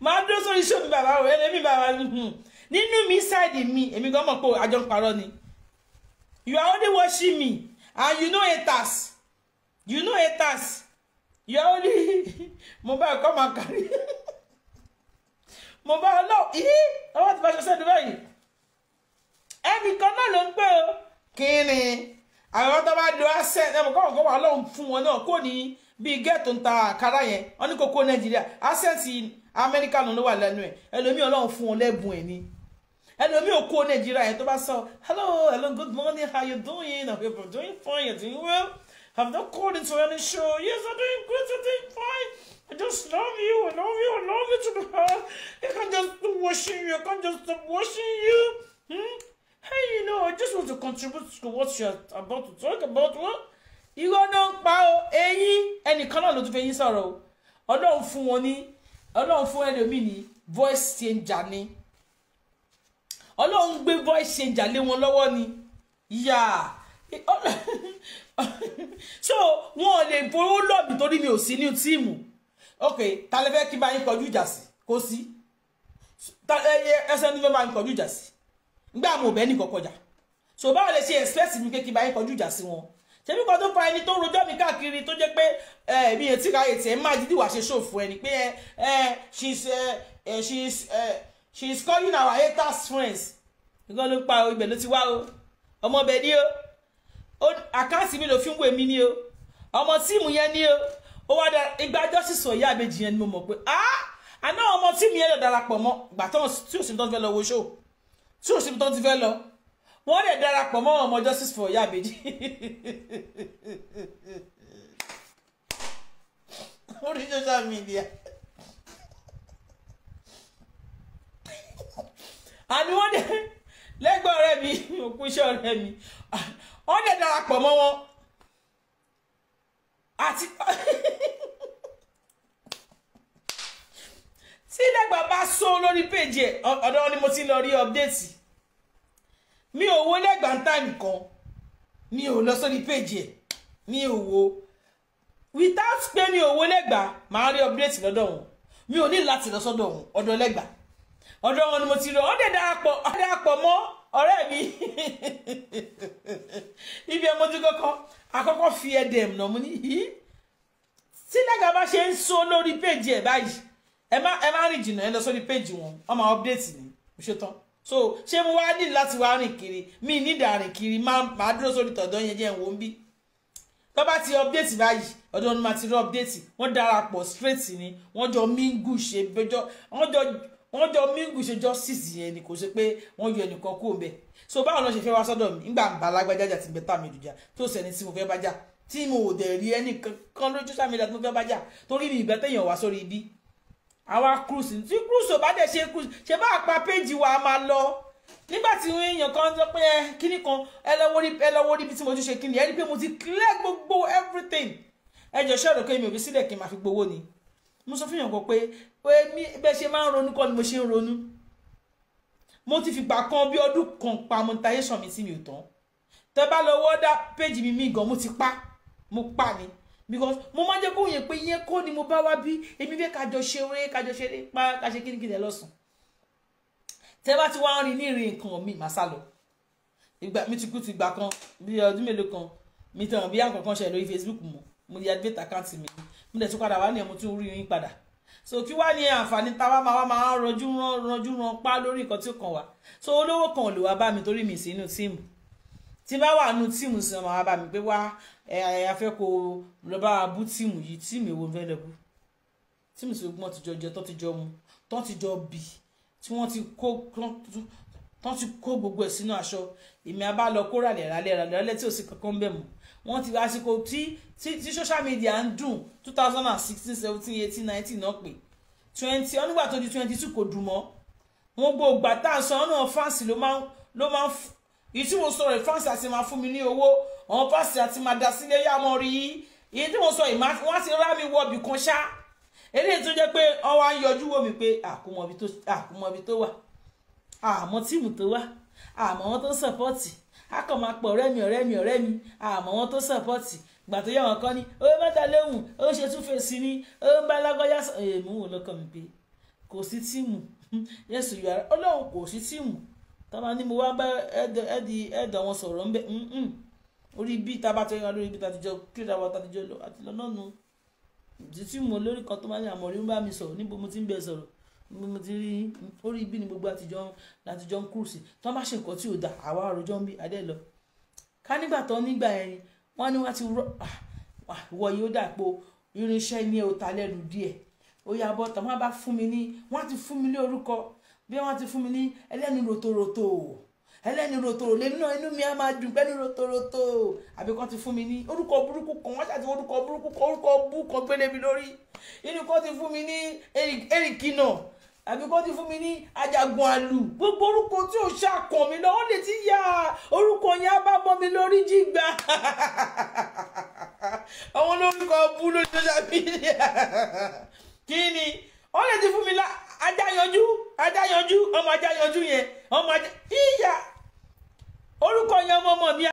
S1: Máa dúró sórí iṣẹ́ mi bàbá rẹ̀ ẹ̀mí bàbá rẹ̀ nínú mi ṣáìdì mi èmi gan mọ̀ pé àjọ ń parọ́ ni. You are only watching me and you know haters. You know haters yọọlì mo bá ẹkọ máa kárí mo bá ọlọ ìhí ọwọ́ ti bá ṣe sẹ́nu báyìí ẹnì kan náà ló ń pè ó kí ni àwọn tó bá lo ẹsẹ ẹnì kan kọ́ wà lọ́hùn fún wọn náà kò ní bíi gẹ́ẹ̀tù ń ta àkàrà yẹn wọn ní kókó nàìjíríà àṣẹǹsì amẹ́ríkà ló wà lẹ́nu ẹ̀ ẹlòmíì ọlọ́run fún wọn lẹ́bùn ẹ̀ ni ẹlòmíì ò nàìjíríà yẹn tó bá sọ hello hello good morning how you doing hope you doing fine you doing well have not called into any show. Yes, I'm doing great, I'm doing fine. I just love you, I love you, I love you to the heart. I can just worship you, I can just worship you. Hmm? Hey, you know, I just want to contribute to what you're about to talk about. What you got no power, ẹ̀yin, ẹnìkan náà ló tún fẹ́ yín sọ̀rọ̀ o. Ọlọ́run fún wọn ní, Ọlọ́run fún ẹlòmíì ní voice changer I don't gbé voice changer lé don't want ni. Yeah. so wọn ò lè fowó lọ́ọ̀bì torí mi ò sí ní tíìmù ok ta lè fẹ́ kí bá yín kọjú ìjà sí kó sí ẹsẹ̀ ní fẹ́ bá yín kọjú ìjà sí nígbà mo bẹ́ẹ̀ nìkan kọjá so báwo lè ṣe expect mi pé kí bá yín kọjú ìjà sí wọn tẹ̀mí kan tó fa ẹni tó rojọ́ mi káàkiri tó jẹ́ pé mi ò tí ka ètì ẹ̀ má dídì ṣe ṣòfò ẹni pé she is calling our haters friends nǹkan ló ń pa ibẹ̀ ló ti wá o ọmọ bẹ̀ ni o àkáǹtì mi ló fi ń wé mi ni o ọmọ tíìmù yẹn ni o ó wá da igba jọ́sì sọ ìyá àbejì yẹn ni mo mọ̀ pé ah àná ọmọ tíìmù yẹn lọ darapọ̀ mọ́ gbà tí òsì tó ti fẹ́ lọ wo show tí òsì tó ti fẹ́ lọ wọ́n lè darapọ̀ mọ́ ọmọ justice for ìyá àbejì orí social media àní wọ́n dẹ̀ lẹ́gbọ́n ọ̀rẹ́ mi òkú iṣẹ́ ọ̀rẹ́ mi wọ́n lè darapọ̀ mọ́ wọn àti tí lẹ́gbàá bá sọ lórí péjì ẹ̀ ọ̀dọ̀ ni mo ti lọ rí ọ́pdẹ́tì mi ò wo lẹ́gbàá ń táìmù kan mi ò lọ sórí péjì ẹ̀ mi ò wo without pé mi ò wo lẹ́gbàá màá rí ọ́pdẹ́tì lọ́dọ̀ wọn mi ò ní láti lọ sọ́dọ̀ wọn ọ̀dọ̀ lẹ́gbàá ọ̀dọ̀ wọn ni mo ti lọ ọ́ dẹ̀ darapọ̀ ọ́ darapọ̀ mọ́ ọ̀rẹ́ mi ibi ẹ̀ mo ti kọ́kọ́ akọ́kọ́ fi ẹ̀dẹ̀ nà mo ní yìí tí lẹ́gà bá ṣe ń so lórí péjì ẹ̀ báyìí ẹ má ẹ má rìn jìnnà ẹ lọ sórí péjì wọn wọn máa ọ́pdéètì ni mo ṣe tán so ṣé mo wá ní láti wá rìn kiri mi ní ìdàrìn kiri máa dúró sórí tọ̀dọ̀ yẹn jẹ́ ìwọ̀n bí tó bá ti update báyìí ọdún ọdún máa ti rí update wọ́n darapọ̀ straight ni wọ́n jọ mingu ṣe bẹjọ wọ́n jọ wọ́n jọ mingu ṣe jọ six yẹn ni kò ṣe pé wọ́n yọ ẹnìkan kú òun bẹ́ẹ̀ so báwo lọ ṣe fẹ́ wá sọ́dọ̀ mi ńgbà ń bá alágbájá ti bẹ́tà mi dùjà tó sẹ́ni tí mo fẹ́ bá jà tí mo ò dẹ̀ rí ẹnì kan lójú sàmì ìdá tí mo fẹ́ bá jà torí mi ìbẹ́ tẹ̀yàn wá sórí ibi àwa cruise tí cruise ò bá dẹ̀ ṣe cruise ṣe bá pa péjì wa máa lọ nígbà tí èèyàn kan sọ pé kíní kan ẹ lọ wọrí ibi tí mo ti ṣe kíní ẹ rí i pé mo ti clear gbogbo everything ẹ jọ ṣọ́ọ̀rọ̀ pé mi ò fi sílẹ̀ kí n máa fi gbowó ni mo sọ fún yàn kan pé èmi bẹ́ẹ̀ ṣe máa ń ronú kọ́ ni mo ṣe ń ronú mo ti fìgbà kan bí ọdún kan pa monetization mi sí mi ò tán tẹ bá lọ wọ́dà péjì mi mí gan mo ti pa mo pa ni because mo máa ń jẹ́ kó yẹn pé yẹn kọ́ ni mo bá wá bí èmi fẹ́ kájọ ṣe eré kájọ ṣe eré pa káṣe kíníkíní ẹ lọ́sùn tẹ bá ti wá ń rin ní ìrìn nǹkan mi màá sá lọ mi ti kú ti gbà kan bí ọdún mélòó kan mi tàn bí àkọ́kọ́ ṣe lórí Facebook mo mo deactivate àkáǹtì mi mo dẹ̀ tún padà wá ní ẹ̀ mo tún rí yín padà so kí wá ní àǹfààní tá a máa máa rọjú ran rọjú ran pa lórí nǹkan tí kàn wá so olówó kan ò lè wá bá mi torí mi sí inú tíìmù tí bá wà nù tíìmù sí ọmọ bàbá mi pé wá afẹ́ kó lọ bá wa bú tíìmù yìí tíìmù èwo fẹ́ lọ bú tíìmù sí ogun ọ̀tijọ́ jẹ tó ti jọ mu tó ti jọ bì tí wọ́n ti kó tó ti kó gbogbo ẹ̀ sínú aṣọ èmi abá lọ kó rà lẹ́ra lẹ́ra lẹ́ra lẹ́tí ò sí kankan bẹ́ẹ̀ mọ́ wọ́n ti àsìkò tí tí social media ń dùn two thousand and sixteen seventeen eighteen nineteen náà pé twenty onígbà tó di twenty two kò dùn mọ́ wọ́n gbọ́ ògbà tá à ń sọ ọ́nà france ló máa ló máa ń èyí tí mo sọ̀rọ̀ france àti máa fún mi ní owó àwọn france àti máa dá sílé yá mọ́ rí èyí tí mo sọ ìmá wọ́n á ti rá mi wọ ibì kan ṣá eléyìí tó jẹ́ pé ọwọ́ á yọjú wò mí pé àkómọbi tó wà àmọ́ tíìmù tó wà àmọ́ wọn tó ń sọ̀pọ́ọ̀tì a kàn máa pọ̀ ọ̀rẹ́ mi ọ̀rẹ́ mi ọ̀rẹ́ mi àmọ́ wọn tó sọ̀pọ̀tì gbà tó yẹ wọn kọ́ ni ó mẹ́ta léhùn ó ṣe túfèsì ni ó ń bá lágbájá sọ èèmú wò lọ́kàn mi pé kò sí tíìmù yẹ́sù yọ ara ọlọ́run kò sí tíìmù tọ́ba ni mo wá bá ẹ̀dì ẹ̀dọ̀ wọn sọ̀rọ̀ ń bẹ̀ orí bí taba tó yẹra lórí bí tàtijọ́ kí ìdáwọ́ tàtijọ́ lọ àti lọ́nà nu ìdí tíìmù olórí kan tó máa ní àmọ̀rí ń bá mi sọ̀rọ̀ níbo mo ti ń bẹ sọ̀rọ̀ mo ti rí orí ibi ni gbogbo àtijọ́ látijọ́ ń kúrùsì tán bá ṣe nǹkan tí ò da àwa àròjọ ń bí adé lọ ká nígbà tán nígbà yẹn wọn ni wọn ti rọ ah, ah, wọ yìí dàpọ̀ irinṣẹ́ ní o ta lẹ́nu díẹ̀ ó yà bọ́ tàwọn bá fún mi ní wọ́n ti fún mi ní orúkọ bí wọ́n ti fún mi ní ẹlẹ́nu rotoroto ẹlẹ́ni rotoro lèmi náà inú mi á máa dùn pẹ́lú rotoroto àbí kan ti fún mi ní orúkọ burúkú kan wọ́n ṣàti orúkọ burúkú kan orúkọ bú kan gbélé mi lórí inú kan ti fún mi ní erikina àbí kó ti fún mi ní ajagun àlù gbogbo orúkọ tí ò ṣàkàn mi lọ ó lè ti ya orúkọ yẹn á bá bọ́ mi lórí jìgbà àwọn olórúkọ bú lórí social media kí ni ó lè ti fún mi lá ajáyanjú ajáyanjú ọmọ ajáyanjú yẹn ọmọ ajá yíyà orúkọ yẹn ọmọ ọmọ mi.